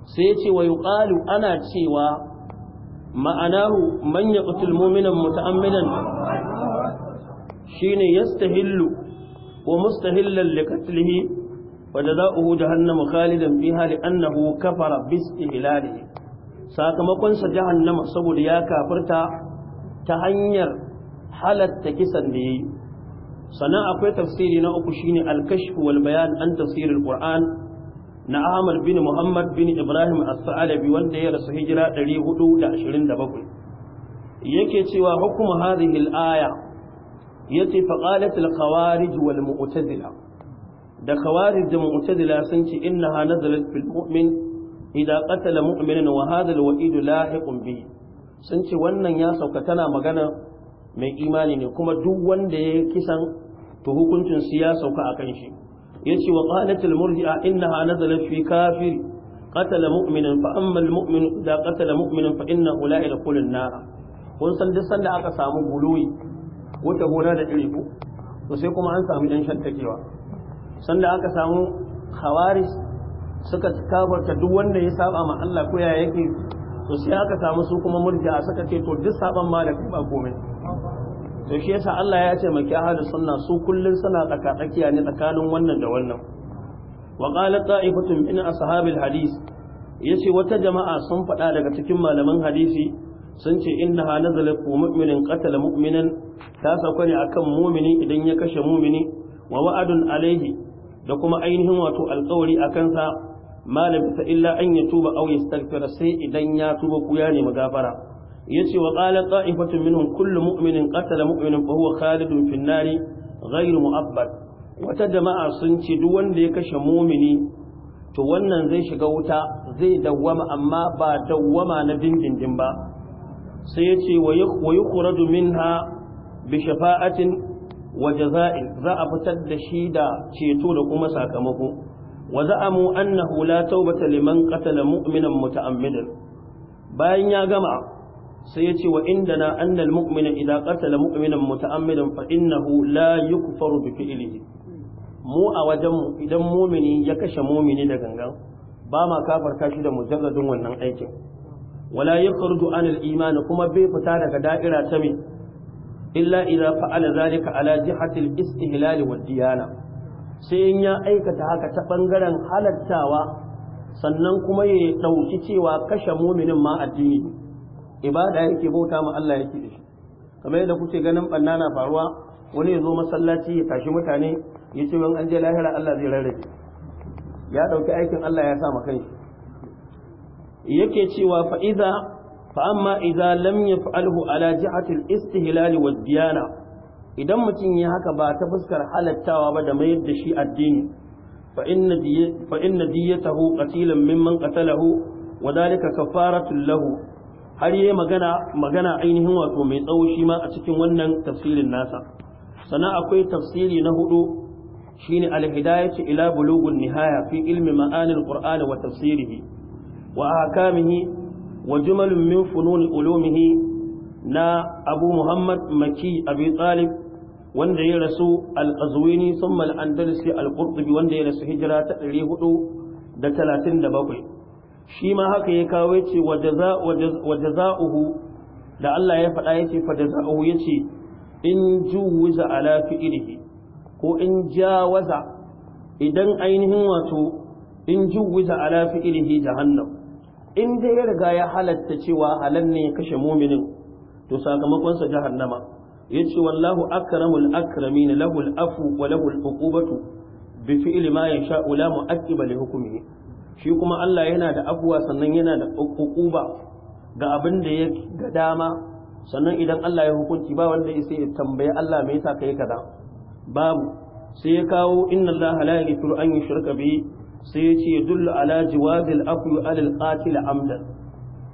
sai ya ce wa yuqalu ana cewa ma'anahu man yaqtul Shi ne shine yastahillu wa mustahillan liqatlihi wa jazaohu jahannam khalidan fiha li'annahu kafara bi istihlalihi Sakamakonsa sa jahannama saboda ya kafirta ta hanyar halatta kisan da yayi sannan akwai tafsiri na uku shine al-kashf wal bayan an tafsirin qur'an na Ahmad bin Muhammad bin Ibrahim As-Sa'alabi wanda ya rasu hijira 427 yake cewa hukumu hadhihi al-aya yace fa qalat al-khawarij wal mu'tazila da khawarij da mu'tazila sun ce innaha nazalat fil mu'min idza qatala mu'minan wa hadha al-wa'id lahiqun bihi sun ce wannan ya sauka tana magana mai imani ne kuma duk wanda ya kisan to hukuncin su ya sauka akan shi yace wa qalat al murji'a innaha nazalat fi kafir qatala mu'minan fa amma al mu'min idza qatala mu'minan fa innahu la yadkhulu nar kun san duk sanda aka samu guluwi wata gona da iri ko to sai kuma an samu yan shantakewa sanda aka samu khawarij suka tabarta duk wanda ya saba ma Allah ko ya yake to sai aka samu su kuma murji'a suka ce to duk saban ma da ba komai to shi yasa Allah ya ce maki ahli sunna su kullun suna tsakatsakiya ne tsakanin wannan da wannan wa qala ta'ifatun min ashabil hadith yace wata jama'a sun faɗa daga cikin malaman hadisi sun ce ha nazala ku mu'minin qatala mu'minan ta sauka ne akan mu'mini idan ya kashe mu'mini wa wa'adun alaihi da kuma ainihin wato alƙawari akan sa malam ta illa an ya tuba aw yastaghfira sai idan ya tuba ku ya nemi gafara yace wa qala ta'ifatu minhum kullu mu'minin qatala mu'minin fa huwa khalidun fin nari ghayr mu'abbad wata jama'a sun ce duk wanda ya kashe mumini to wannan zai shiga wuta zai dawwama amma ba dawwama na dindindin ba sai yace wa yukhraju minha bi shafa'atin wa jaza'in za a fitar da shi da ceto da kuma sakamako wa za'amu annahu la tawbata liman qatala mu'minan muta'ammidan bayan ya gama sai ya ce wa inda na annal mu'mina idan qatala mu'minan muta'ammidan fa innahu la yukfaru bi fi'lihi mu a wajen mu idan mumini ya kashe mumini da gangan ba ma kafarta shi da mujarradin wannan aikin wala yakhruju anil iman kuma bai fita daga da'ira ta me illa idza fa'ala zalika ala jihati al-istihlal diyana sai in ya aikata haka ta bangaren halattawa sannan kuma ya dauki cewa kashe muminin ma addini ibada yake bauta ma Allah yake da shi kamar yadda kuke ganin banna na faruwa wani ya zo masallaci ya tashi mutane ya ce wani an je lahira Allah zai rarrabe ya dauki aikin Allah ya sa ma kanshi yake cewa fa idza fa amma Iza lam yaf'alhu ala jihati al-istihlal wa diyana idan mutum ya haka ba ta fuskar halattawa ba da mayar da shi addini fa inna diyatahu qatilan mimman qatalahu wa dhalika kafaratu lahu har yi magana magana ainihin wato mai tsawo shi ma a cikin wannan tafsirin nasa sannan akwai tafsiri na hudu shine al-hidayatu ila bulughun nihaya fi ilmi ma'anil qur'ani wa tafsirihi wa ahkamihi wa jumalun min funun ulumihi na Abu Muhammad Maki Abi Talib wanda ya rasu al-Qazwini thumma al-Andalusi al-Qurtubi wanda ya rasu hijira ta 437 shi ma haka ya kawo yace wa za'uhu da Allah ya faɗa yace fa ya yace in juwiza ala fi'lihi ko in jawaza idan ainihin wato in juwiza ala fi'lihi jahannam in dai ya riga ya halatta cewa halan ne ya kashe muminin to sakamakon sa jahannama yace wallahu akramul akramin lahul afu wa lahul uqubatu bi fi'li ma yasha'u la mu'aqqiba li hukmihi shi kuma Allah yana da abuwa sannan yana da ba ga abin da ya ga dama sannan idan Allah ya hukunci ba wanda ya sai tambaye Allah me yasa kai kaza babu sai ya kawo inna Allah la yaghfiru an yushraka bihi sai ya ce dullu ala jawabil afwi Alil, qatil amdan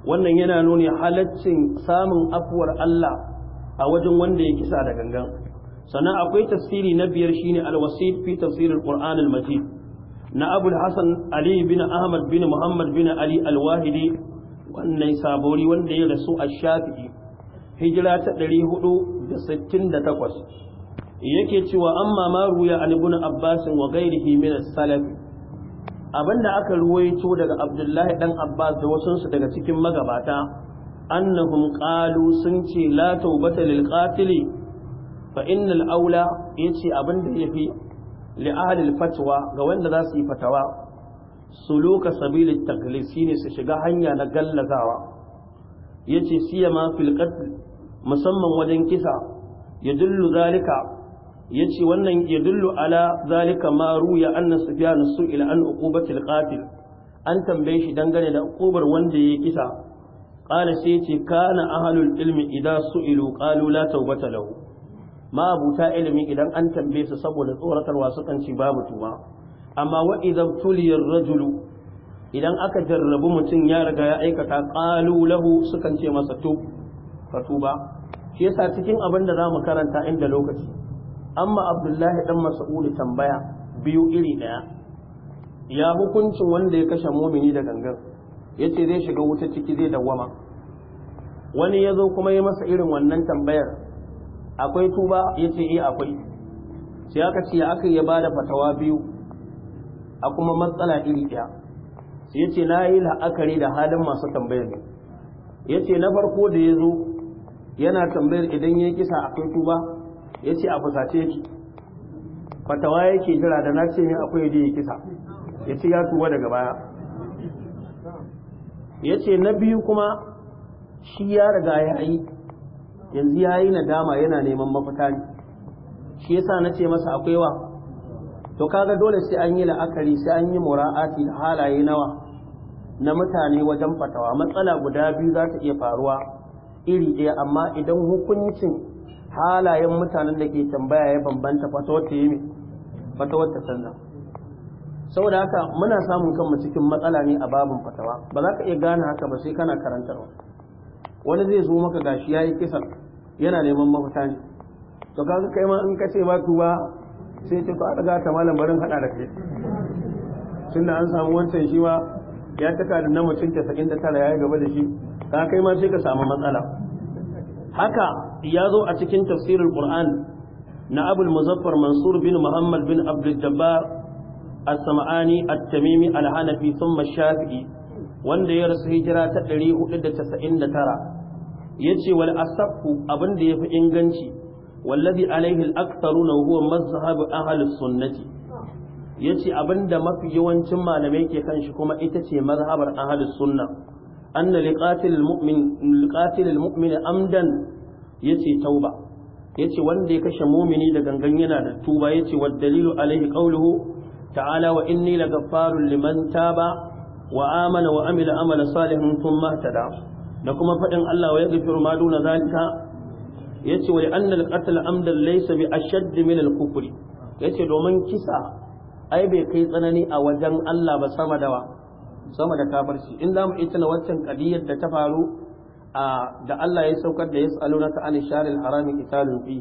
wannan yana nuni halaccin samun afuwar Allah a wajen wanda ya kisa da gangan sannan akwai tafsiri na biyar shine al-wasit fi tafsir al al-Majid na abul Hassan, ali bin ahmad bin muhammad bin ali alwahidi wannan sabori wanda ya rasu a shafi'i hijira ta 468 yake cewa amma ma ruya an ibn abbas wa ghairihi min as-salaf abinda aka ruwaito daga abdullahi dan abbas da wasunsu daga cikin magabata annahum qalu sun ce la tawbata lil qatili fa innal aula yace abinda yafi li ahli fatwa ga wanda za su yi fatawa suluka sabili taqlis shine su shiga hanya na gallazawa ce siya fil qatl musamman wajen kisa yadullu zalika ce wannan yadullu ala zalika ma ruya anna sufyan su'ila an uqubatil qatil an tambaye shi dangane da uqubar wanda ya yi kisa ƙara sai yace kana ahlul ilmi su su'ilu qalu la tawbata lahu ma'abuta ilimi idan an tambaye su saboda tsoratarwa sukan ci babu tuba amma wa idan tuliyar rajulu idan aka jarrabu mutum ya riga ya aikata qalu lahu sukan ce masa to ka tuba shi yasa cikin abin da zamu karanta inda lokaci amma abdullahi dan mas'ud tambaya biyu iri ɗaya. ya hukuncin wanda ya kashe mumini da gangan yace zai shiga wuta ciki zai dawwama wani ya zo kuma yi masa irin wannan tambayar akwai tuba ya ce iya eh, akwai sai aka ce aka ya bada fatawa biyu a kuma matsala iri ɗaya sai ya ce na yi la'akari da halin masu tambayar ne ya ce na farko da ya zo yana tambayar idan ya kisa akwai tuba ya ce a fusace shi fatawa yake jira da na ce ne akwai yadda ya kisa ya ce ya tuba daga baya ya ce na biyu kuma shi ya riga ya yi yanzu ya yi nadama yana neman mafita ne shi yasa na ce masa akwai wa to kaga dole sai an yi la'akari sai an yi mura'ati halaye nawa na mutane wajen fatawa matsala guda biyu za ta iya faruwa iri ɗaya amma idan hukuncin halayen mutanen da ke tambaya ya bambanta fatawar ta yi fatawar ta sannan saboda haka muna samun kanmu cikin matsala ne a babin fatawa ba za ka iya gane haka ba sai kana karantarwa wani zai zo maka gashi yayi kisa yana neman mafita ne to kaga kai ma in ka ce ba tuba sai ce to a daga ta malam barin hada da kai tunda an samu wancan shi ma ya taka da na mutum 99 yayi gaba da shi ka kai ma sai ka samu matsala haka ya zo a cikin tafsirin Qur'an na Abu Muzaffar Mansur bin Muhammad bin Abdul Jabbar السمعاني التميمي sun ثم الشافعي wanda ya rasu hijira ta 499 yace wal asafu abin da fi inganci wallazi alaihi al-aktharuna huwa mazhab ahli sunnati yace abinda mafi yawancin malamai ke kan shi kuma ita ce mazhabar ahli sunna anna liqatil mu'min liqatil mu'min amdan yace Ya ce wanda ya kashe mumini da gangan yana da tuba yace wa dalilu alaihi qawluhu ta'ala wa inni lagaffarun liman taba wa amana wa amila amala salihin sun tada da kuma faɗin Allah wa yaghfiru ma duna zalika yace wa anna al-qatl amdan laysa bi shaddi min al Ya yace domin kisa ai bai kai tsanani a wajen Allah ba sama da sama da in zamu ita na waccan qadiyar da ta faru a da Allah ya saukar da yas'alunaka an sharil harami qitalun fi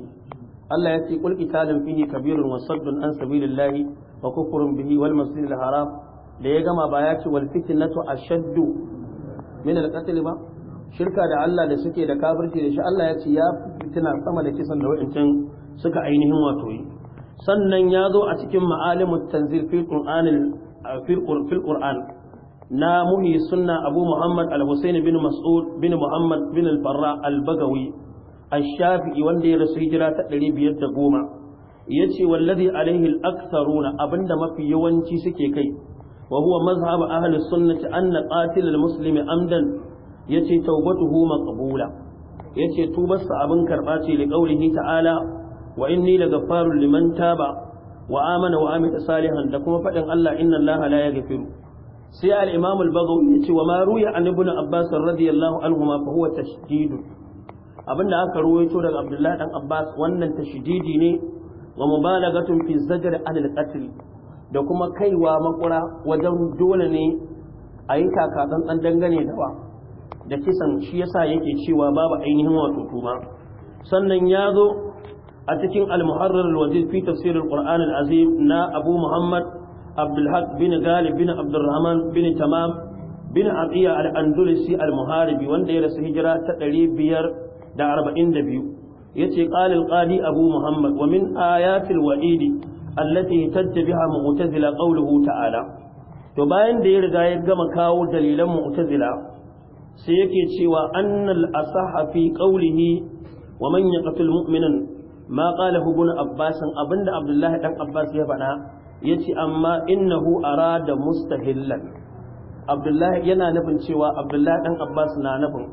Allah ya ce kul qitalun fihi kabirun wa saddun an sabilillahi wa kufrun bihi wal masjidil haram da ya gama ba ya ce wal fitnatu ashaddu min al ba shirka da Allah da suke da kafirci da shi Allah ya ce ya fitina sama da kisan da wa'ancan suka ainihin wato sannan ya zo a cikin ma'alimut tanzil fil qur'an na muhi sunna abu muhammad al bin mas'ud bin muhammad bin al-barra al-bagawi ash-shafi'i wanda ya rasu hijira ta 510 yace wallazi alaihi al-aktharuna abinda mafi yawanci suke kai Wahuwa huwa mazhab ahli sunnati anna qatil muslimi amdan yace tawbatuhu maqbula yace tubarsa abin karba ce da qaulihi ta'ala wa inni lagafarul liman taba wa amana wa amila salihan da kuma faɗin Allah inna Allah la gafiru. sai al-imam al-baghawi wa ma ruya an ibn abbas radiyallahu anhu ma fa huwa tashdid abinda aka ruwaito daga abdullahi dan abbas wannan tashdidi ne wa mubalagatun fi zajr al-qatl da kuma kaiwa makura wajen dole ne a yi kakakan tsantsan dangane da wa da kisan shi yasa yake cewa babu ainihin wato tuba sannan ya zo a cikin al-muharrar al-wazir fi tafsir quran al-azim na abu muhammad bin galib bin abdurrahman bin tamam bin abiya al-andalusi al-muharibi wanda ya rasu hijira ta 542 yace qala al-qadi abu muhammad wa min ayati al-wa'id allati tajbiha mu'tazila qawluhu ta'ala to bayan da ya riga ya gama kawo dalilan mu'tazila sai yake cewa annal asaha fi qawlihi wa man yaqtul mu'minan ma qala ibn abbas abinda abdullahi dan abbas ya faɗa yace amma innahu arada mustahillan abdullahi yana nufin cewa abdullahi dan abbas na nufin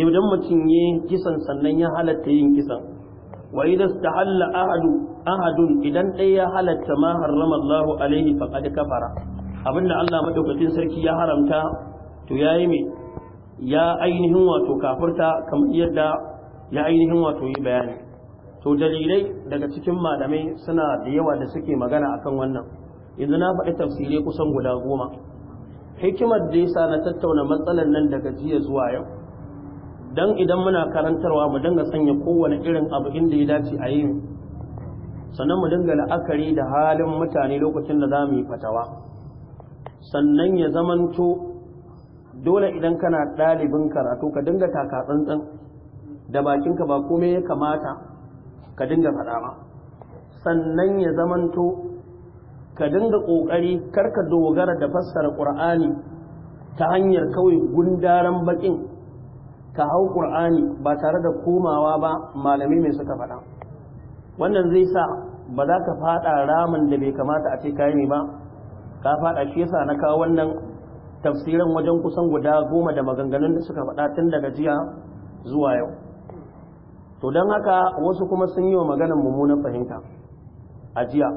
idan mutum ya kisan sannan ya halatta yin kisan wa idan tahalla ahadu ahadun idan dai ya halatta ma harrama Allahu alaihi faqad kafara abinda Allah madaukakin sarki ya haramta to yayi me ya ainihin wato kafirta kamar yadda ya ainihin wato yi bayani to dalilai daga cikin malamai suna da yawa da suke magana akan wannan yanzu na faɗi tafsirai kusan guda goma hikimar da yasa na tattauna matsalar nan daga jiya zuwa yau dan idan muna karantarwa mu dinga sanya kowane irin abu inda ya dace a yi sannan mu dinga la'akari da halin mutane lokacin da za mu yi fatawa sannan ya zamanto dole idan kana ɗalibin karatu ka dinga taka tsantsan da bakinka ba komai ya kamata ka dinga faɗa ba sannan ya zamanto ka dinga ƙoƙari karka dogara da fassara ƙur'ani ta hanyar kawai gundaran bakin ka hau ƙur'ani ba tare da komawa ba malami mai suka faɗa wannan zai sa ba za ka faɗa ramin da bai kamata a ce kayi ba ka faɗa shi yasa na kawo wannan tafsirin wajen kusan guda goma da maganganun da suka faɗa tun daga jiya zuwa yau to don haka wasu kuma sun yi wa maganar mummunan fahimta a jiya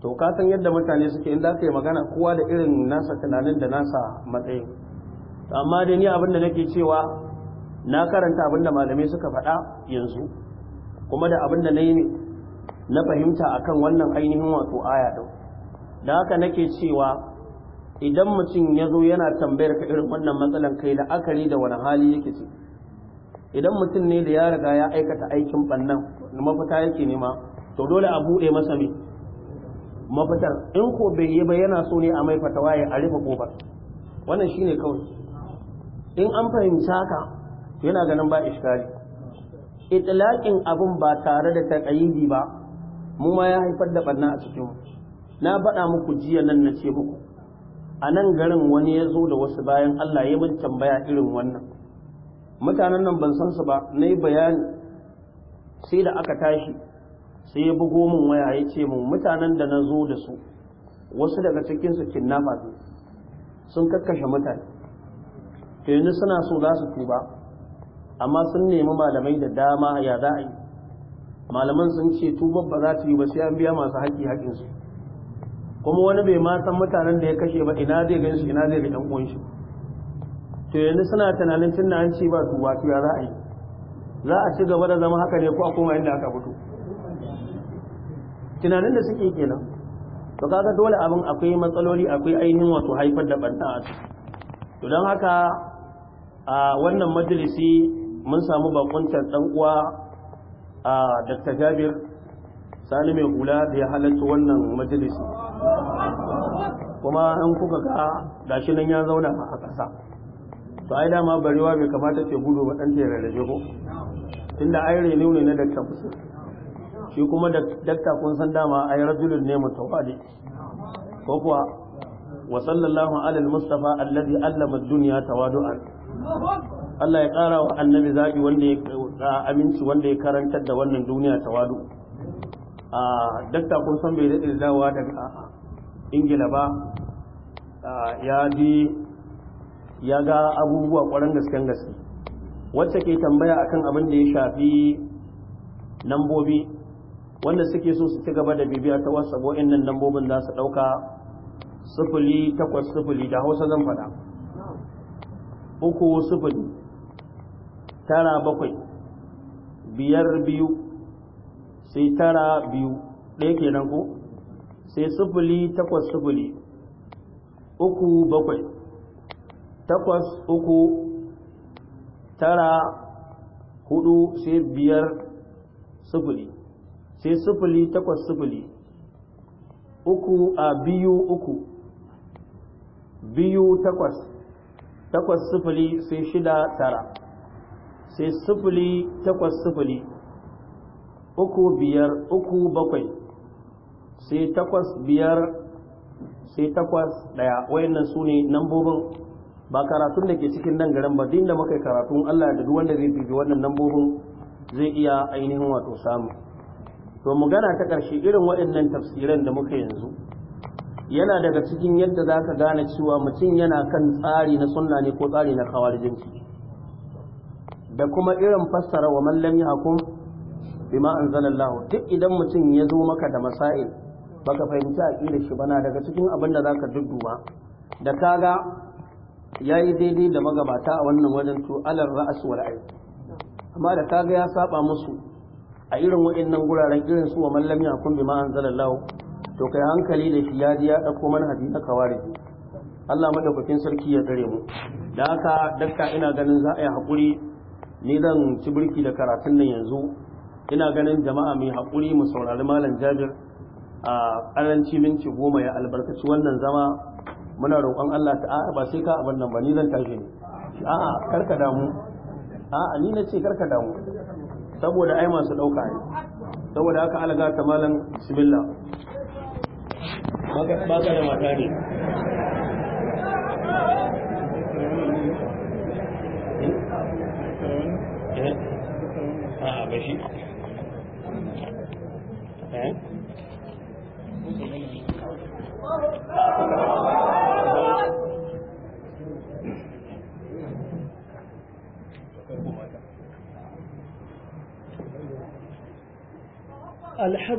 to ka san yadda mutane suke in ka yi magana kowa da irin nasa tunanin da nasa matsayin amma da ni abin da nake cewa na karanta abin da malamai suka faɗa yanzu kuma da abin da na yi na fahimta akan wannan ainihin wato aya ɗin da haka nake cewa idan mutum ya zo yana tambayar ka irin wannan matsalan kai la'akari da wani hali yake ce idan mutum ne da ya riga ya aikata aikin bannan mafita yake nema to dole a buɗe masa ne. mafitar in ko bai yi ba yana so ne a mai fatawa ya ko ba. wannan shine kawai in an fahimta ka yana ganin ba iskari itlaqin abun ba tare da taƙayyidi ba mu ma ya haifar da banna a cikin na faɗa muku jiya nan na ce muku a nan garin wani ya zo da wasu bayan Allah ya min tambaya irin wannan mutanen nan ban san su ba na yi bayani sai da aka tashi sai ya bugo min waya ya ce mun mutanen da na zo da su wasu daga cikinsu kinnafa su sun kakkashe mutane to yanzu suna so za su tuba amma sun nemi malamai da dama ya za malaman sun ce tubar ba za ta yi ba sai an biya masu haƙƙi su kuma wani bai ma san mutanen da ya kashe ba ina zai gan shi ina zai ga uwan shi to yanzu suna tunanin tunda an ce ba su wato ya za a yi za a ci gaba da zama haka ne ko a koma inda aka fito tunanin da suke kenan to kaga dole abin akwai matsaloli akwai ainihin wato haifar da banta a to don haka a wannan majalisi mun samu bakuntar dan uwa a Dr. Jabir Sani mai hula da ya halarci wannan majalisi kuma in kuka ga gashi nan ya zauna a ƙasa to ai dama barewa bai kamata ce gudu ba ɗan tere da jego tunda ai rene ne na dakta kusa shi kuma dakta kun san dama ai rajulun ne mutawadi ko kuwa wa sallallahu ala mustafa allazi allama ad-dunya tawadu'an Allah ya ƙara wa annabi zaɓi wanda ya aminci wanda ya karantar da wannan duniya tawadu a dakta kun san bai daɗe dawa daga ingila ba ya ji ya ga abubuwa ƙwarar gasken gaske wacce ke tambaya akan abin da ya shafi lambobi wanda suke so su ci gaba da bibiya ta wasu sabo nan lambobin za su ɗauka sufuli takwas sufuli da hausa zan faɗa uku sufuli tara bakwai biyar biyu sai tara biyu ɗaya kenan ko sai sufuli takwas sufuli uku bakwai takwas uku tara hudu sai biyar sufuli sai sufuli takwas sufuli uku a biyu uku biyu takwas takwas sufuli sai shida tara sai sufuli takwas sufuli uku biyar uku bakwai sai takwas biyar sai takwas ɗaya wayannan su ne nambobin ba karatun da ke cikin nan garin ba din da muka karatun Allah da duk wanda zai bibi wannan nambobin zai iya ainihin wato samu to mu gana ta karshe irin waɗannan tafsiran da muka yanzu yana daga cikin yadda za ka gane cewa mutum yana kan tsari na sunna ne ko tsari na kawarjinci da kuma irin fassara wa mallami a hukum bima anzalallahu duk idan mutum ya zo maka da masail baka fahimci aqidar shi bana daga cikin abin da zaka dudduba da kaga yayi daidai da magabata a wannan wajen to alar ra'as wal ayn amma da kaga ya saba musu a irin waɗannan guraren irin su wa akun bi ma anzalallahu to kai hankali da shi ya ji ya dauko manhaji na kawariji Allah madaukakin sarki ya tsare mu da haka dakka ina ganin za a yi hakuri ni zan ci birki da karatun nan yanzu ina ganin jama'a mai hakuri mu saurari malam Jabir a karanci minti goma ya albarkaci wannan zama muna roƙon Allah ta 'A'a ba sai ka abin nan ba ni zan tashi ne a'a karka damu a'a ni na ce karka damu saboda ai masu ɗauka ne saboda haka alaga ta malam bismillah baka da mata ne eh? Eh? a'a ba eh الحمد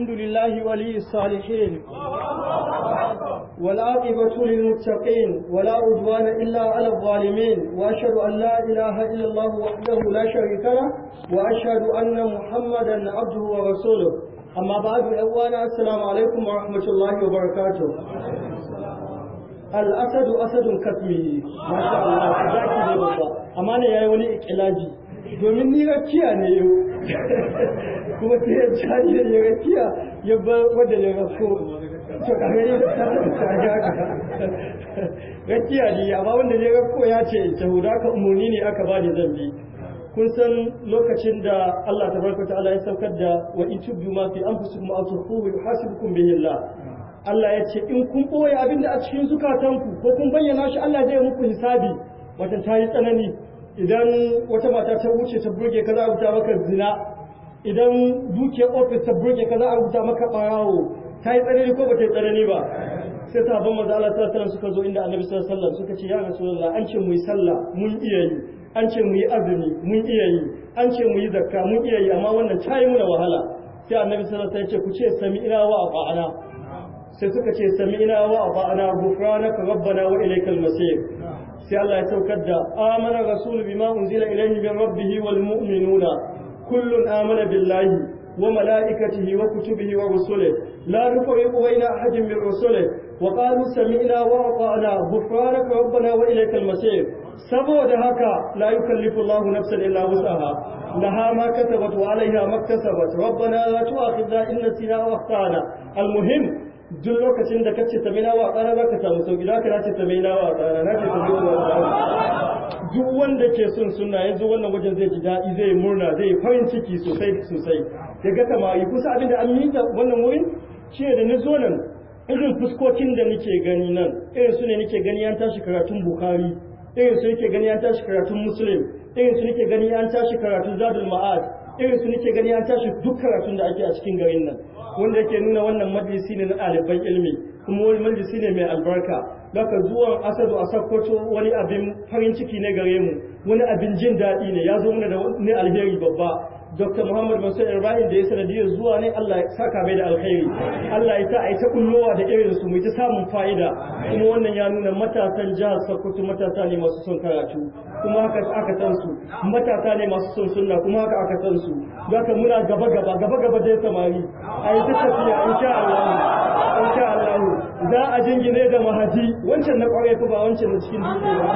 لله ولي الصالحين والعاقبة للمتقين ولا عدوان إلا على الظالمين وأشهد أن لا إله إلا الله وحده لا شريك له وأشهد أن محمدا عبده ورسوله amma ba da uwana assalamu alaikum wa rahmatullahi wa barakatuh al-asadu asadun kasmihi masha Allah zaki ne baba amma ne yayi wani ikilaji domin ni rakiya ne yau kuma sai ya cari da ya rakiya ya ba wanda ya rako to rakiya ne amma wanda ya rako ya ce ta huda ka umurni ne aka ba da zambi kun san lokacin da Allah Ta ta Allah ya saukar da wa in tubu ma fi anfusikum aw tukhfuhu yuhasibukum bihi Allah Allah ya ce in kun boye abin da a cikin zukatanku ko kun bayyana shi Allah zai muku hisabi wata ta yi tsanani idan wata mata ta wuce ta burge ka za a rubuta maka zina idan duke ofis ta burge ka za a rubuta maka barawo ta yi tsanani ko ba ta yi tsanani ba sai sahabban manzo Allah sallallahu alaihi wasallam suka zo inda Annabi sallallahu alaihi wasallam suka ce ya Rasulullah an ce mu yi sallah mun iya yi an ce mu yi azumi mun iya yi an ce mu yi zakka mun iya yi amma wannan ta yi muna wahala sai annabi sallallahu alaihi wasallam ya ce ku ce sami'na wa ba'ana sai suka ce sami'na wa ata'ana ghufranaka rabbana wa ilaykal masir sai Allah ya saukar da amana rasul bima unzila ilayhi min rabbihi wal mu'minuna kullun amana billahi wa malaikatihi wa kutubihi wa rusulihi la nufarriqu baina ahadin min rusulihi وقالوا سمعنا وأطعنا غفرانك ربنا وإليك المصير saboda haka la yukallifu Allah nafsan illa wus'aha laha ma kasabat wa alaiha ma kasabat rabbana la tu'akhidna in nasina aw akhtana almuhim duk lokacin da kace tamina wa tsara zaka samu sauki zaka nace tamina wa tsara nace ta wa tsara duk wanda ke son sunna yanzu wannan wajen zai ji daɗi zai murna zai farin ciki sosai sosai daga tamari kusa abinda an miƙa wannan wurin shi da ni nan irin fuskokin da nake gani nan irin su ne nake gani an tashi karatun bukari irin su nake gani an tashi karatun muslim irin su nake gani an tashi karatun zadul ma'ad irin su nake gani an tashi duk karatun da ake a cikin garin nan wanda yake nuna wannan majalisi ne na ɗaliban ilimi kuma wani majalisi ne mai albarka daga zuwan asadu a sakkwato wani abin farin ciki ne gare mu wani abin jin daɗi ne ya zo mana da ne alheri babba Dr. Muhammad Mansur Ibrahim da ya sanadiyar zuwa ne Allah ya saka mai da alkhairi Allah ya sa a yi ta kullowa da irin su mu ta samun fa'ida kuma wannan ya nuna matasan jihar Sokoto matasa ne masu son karatu kuma haka aka san su matasa ne masu son sunna kuma haka aka san su zaka muna gaba gaba gaba gaba dai samari a yi ta tafiya insha Allah insha Allah za a jingine da mahaji wancan na kwarai ba wancan na cikin dutse ba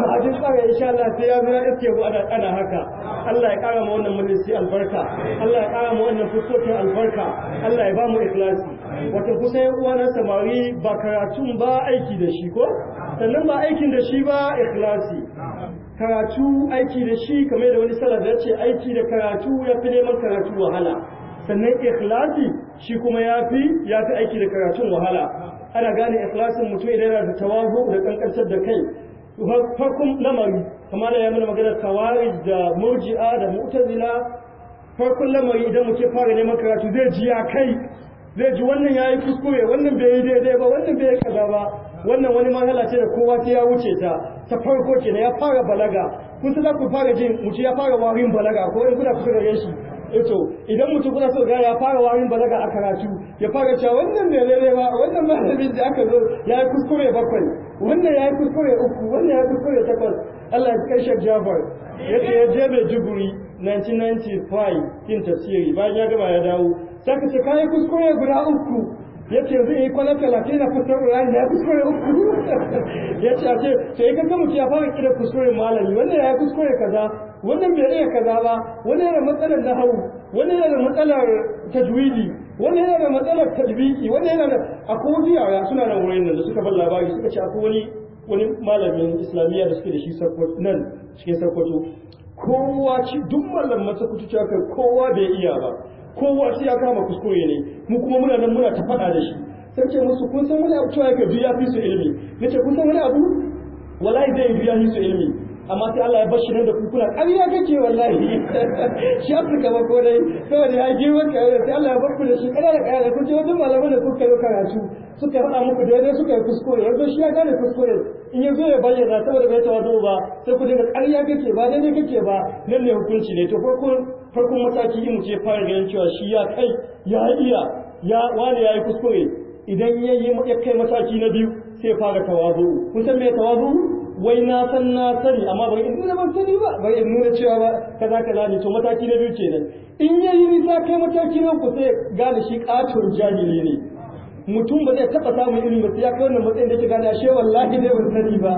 mahajin kwarai insha Allah sai ya zo ya iske ana haka Allah ya kara wannan majalisi albarka Allah ya ƙara mu wannan fuskokin albarka Allah ya ba mu ikhlasi wato kusa yan uwa na samari ba karatun ba aiki da shi ko sannan ba aikin da shi ba ikhlasi karatu aiki da shi kamar da wani sallah da ce aiki da karatu ya fi neman karatu wahala sannan ikhlasi shi kuma ya fi ya fi aiki da karatun wahala ana gane ikhlasin mutum idan yana da tawazu da kankancar da kai farkon lamari kamar da ya mana magana kawai da murji'a da mu'tazila farkon lamari idan muke fara neman karatu zai ji ya kai zai ji wannan yayi kuskure wannan bai yi daidai ba wannan bai yi kaza ba wannan wani mahala ce da kowa sai ya wuce ta ta farko ke kenan ya fara balaga kun za ku fara jin mutum ya fara warin balaga ko in kuna kusa gare shi eto eh idan mutum kuna so gaya ya fara warin balaga a karatu ya fara cewa wannan ne daidai ba wannan malamin da aka zo ya yi kuskure bakwai wannan ya yi kuskure uku wannan ya yi kuskure takwas Allah ya kai Sheikh Jafar yace ya je mai juguri 1995 yin tafsiri bayan ya gaba ya dawo sai ka ce kai kuskure guda uku yace zai yi kwana talatin na fasar da ya kuskure uku [LAUGHS] yace a ce sai ka mutum ya fara kira kuskure malami wannan ya kuskure kaza wannan bai iya kaza ba wannan yana matsalar nahawu wannan yana matsalar tajwidi wani yana da matsalar tajbiki wani yana da akwai wasu yara suna nan wurin nan da suka bar labari suka ce akwai wani wani malamin islamiyya da suke da shi nan cikin sarkwato kowa ci duk malamin sarkwato cewa kai kowa bai iya ba kowa ci ya kama kuskure ne mu kuma muna nan muna ta faɗa da shi sai ce musu kun san wani abu cewa kai biya fi su ilimi nace kun san wani abu wallahi zai biya fi su ilimi amma sai Allah ya bar shi nan da kukuna ƙarya kake wallahi [LAUGHS] shi Afrika ba ko dai saboda ya girma ka sai Allah ya bar ku da shi ƙarya da ƙarya kun je wajen malamin da kuka yi karatu suka faɗa muku daidai suka yi kuskure yanzu shi ya gane kuskure in ya zo ya bayyana saboda bai wato ba sai ku dinga ƙarya kake ba daidai kake ba nan ne hukunci ne to farkon farkon mataki mu ce fara ganin cewa shi ya kai ya iya ya wani ya yi kuskure idan ya yi ya kai mataki na biyu sai fara tawazu kun san me wai na san na sani amma bai in nuna ban sani ba bai in nuna cewa ba kaza kaza ne to mataki na biyu kenan in yayi nisa kai mataki na uku sai gane shi katon jahili ne mutum ba zai taɓa samun ilimi ba sai ya kai wannan matsayin da ke gane ashe wallahi dai ban sani ba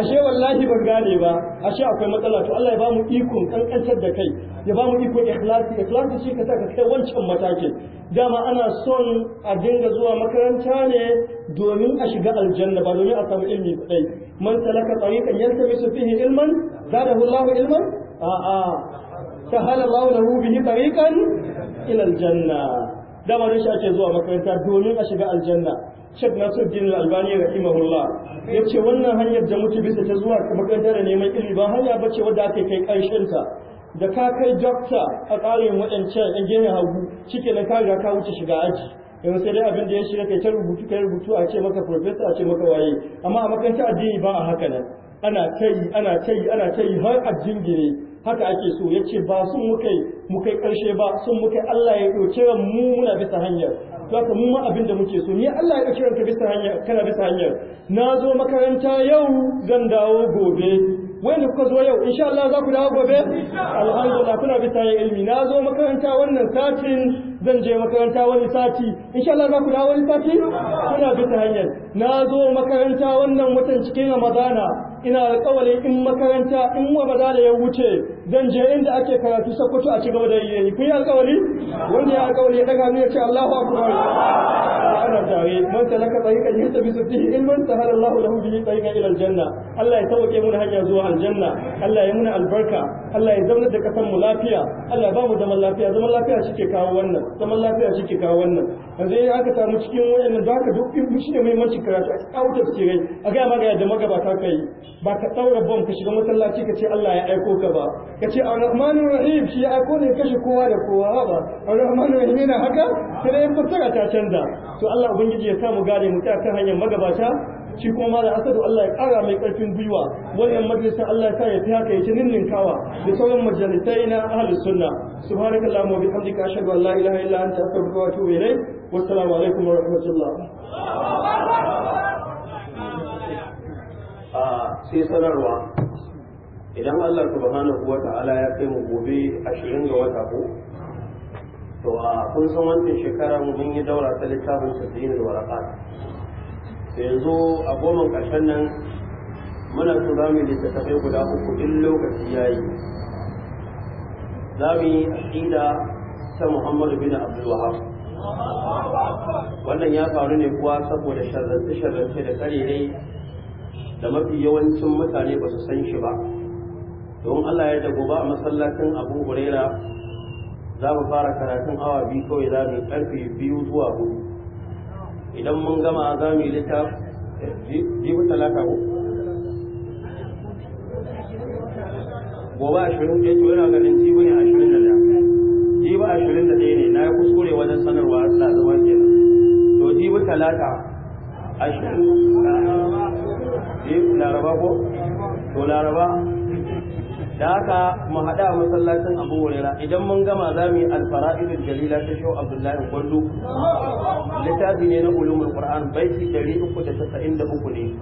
ashe wallahi ban gane ba ashe akwai matsala to Allah ya bamu ikon kankantar da kai ya bamu ikon ikhlasi ikhlasi shi ka sa ka kai wancan matakin dama ana son a dinga zuwa makaranta ne domin a shiga aljanna ba domin a samu ilimi kadai man talaka tariqan yantamisu fihi ilman zadahu Allahu ilman a'a sahala Allahu lahu bihi tariqan ila aljanna damarin shi ake zuwa makaranta domin a shiga aljanna na su Al-Albani rahimahullah ya ce wannan hanyar da mutu bisa ta zuwa makaranta da neman ilimi ba hanya ba ce wadda aka kai karshen ta da ka kai dokta a tsarin waɗancan ɗan gehen hagu cike na kariya ka wuce shiga aji yanzu sai dai abin da ya shirya kai ta rubutu kai rubutu a ce maka profesa a ce maka waye amma a makaranta addini ba a haka nan ana ta yi ana ta yi ana ta har a jingine haka ake so ya ce ba sun mukai mukai karshe ba sun mukai Allah ya ɗauki ran mu muna bisa hanyar to haka mu ma abin da muke so ni Allah ya ɗauki ranka bisa hanyar kana bisa hanyar na zo makaranta yau zan dawo gobe wanda kuka zo yau insha Allah za ku dawo gobe alhamdulillah kuna bisa hanyar ilimi. na zo makaranta wannan satin zan je makaranta wani sati insha Allah za ku dawo wani sati kuna bisa hanyar na zo makaranta wannan watan cikin Ramadana ina alƙawari in makaranta in Ramadana ya wuce dan je inda ake karatu sakwato a ci gaba da yayi kun yi alƙawari wanda ya alƙawari ya daga hannu ya ce Allahu akbar ana tare man talaka tariqan yahtabi in ilman sahala Allahu lahu bihi tariqan ila aljanna Allah ya tawake mu hanya zuwa aljanna Allah ya muna albarka Allah ya zama da kasan mu lafiya Allah ba mu zaman lafiya zaman lafiya shi ke kawo wannan zaman lafiya shi ke kawo wannan yanzu in aka samu cikin wayannan da haka duk in shi ne muhimmancin karatu a kauta tsirai a ga magana da magabata kai ba ka daura bomb ka shiga masallaci ka ce Allah ya aiko ka ba ka ce ar Rahmanu rahim shi ya aiko ne kashe kowa da kowa ba al Rahmanu rahim yana haka sai dai fassara ta canza to Allah ubangiji ya mu gane mu ta hanyar magabata shi kuma malam asadu Allah ya kara mai karfin gwiwa wannan majalisa Allah ya sa ya fi haka ya ci kawa. da sauran majalisai na ahlus sunna subhanakallahumma wa bihamdika ashhadu an la ilaha illa anta astaghfiruka wa atubu ilayk assalamu alaikum wa rahmatullah ah, sai sanarwa idan Allah subhanahu wa ta'ala ya kai mu gobe ashirin ga wata ko to a kun san wannan shekara mun yi daura ta littafin tasirin waraqat yanzu a goma ƙarshen nan muna so za mu littattafai guda uku in lokaci ya yi za mu yi aƙida ta muhammadu bin abdul wannan ya faru ne kuwa saboda sharrance-sharrance da karerai da mafi yawancin mutane ba su san shi ba don Allah ya dago ba a masallacin Abu Huraira za mu fara karatun awa biyu kawai za mu karfe biyu zuwa hudu idan mun gama za mu yi littafi jibu talata ko gobe ashirin ɗaya eh to yana ganin jibu ne ashirin da ɗaya jibu ashirin da ɗaya ne na yi kuskure wajen sanarwa na zama kenan to jibu talata ashirin laraba ko to laraba da haka mu haɗa a masallacin abu wurera idan mun gama za mu yi alfara'idul jalila ta shau abdullahi gwallo littafi ne na ulumul qur'an baiti ɗari uku da tasa'in da uku ne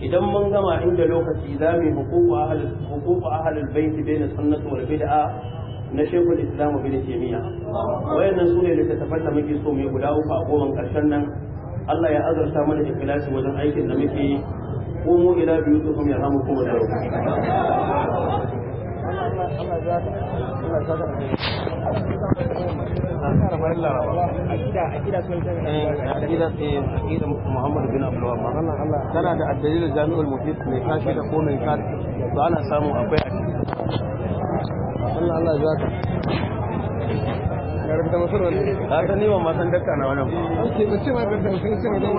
idan mun gama inda lokaci za mu yi hukuku ahalul baiti bai da sunnatu wal bid'a na shekul islamu bin taimiya wayannan su ne da tafarta muke so mu guda uku a goman ƙarshen nan Allah ya azurta mana ikhlasi wajen aikin da muke ko biyu ya إلى kuma da الله akida muhammad bin tana da jami'ul mai kashi da ko kashi to ana samu akwai a Allah Allah da ka ta masan dakka na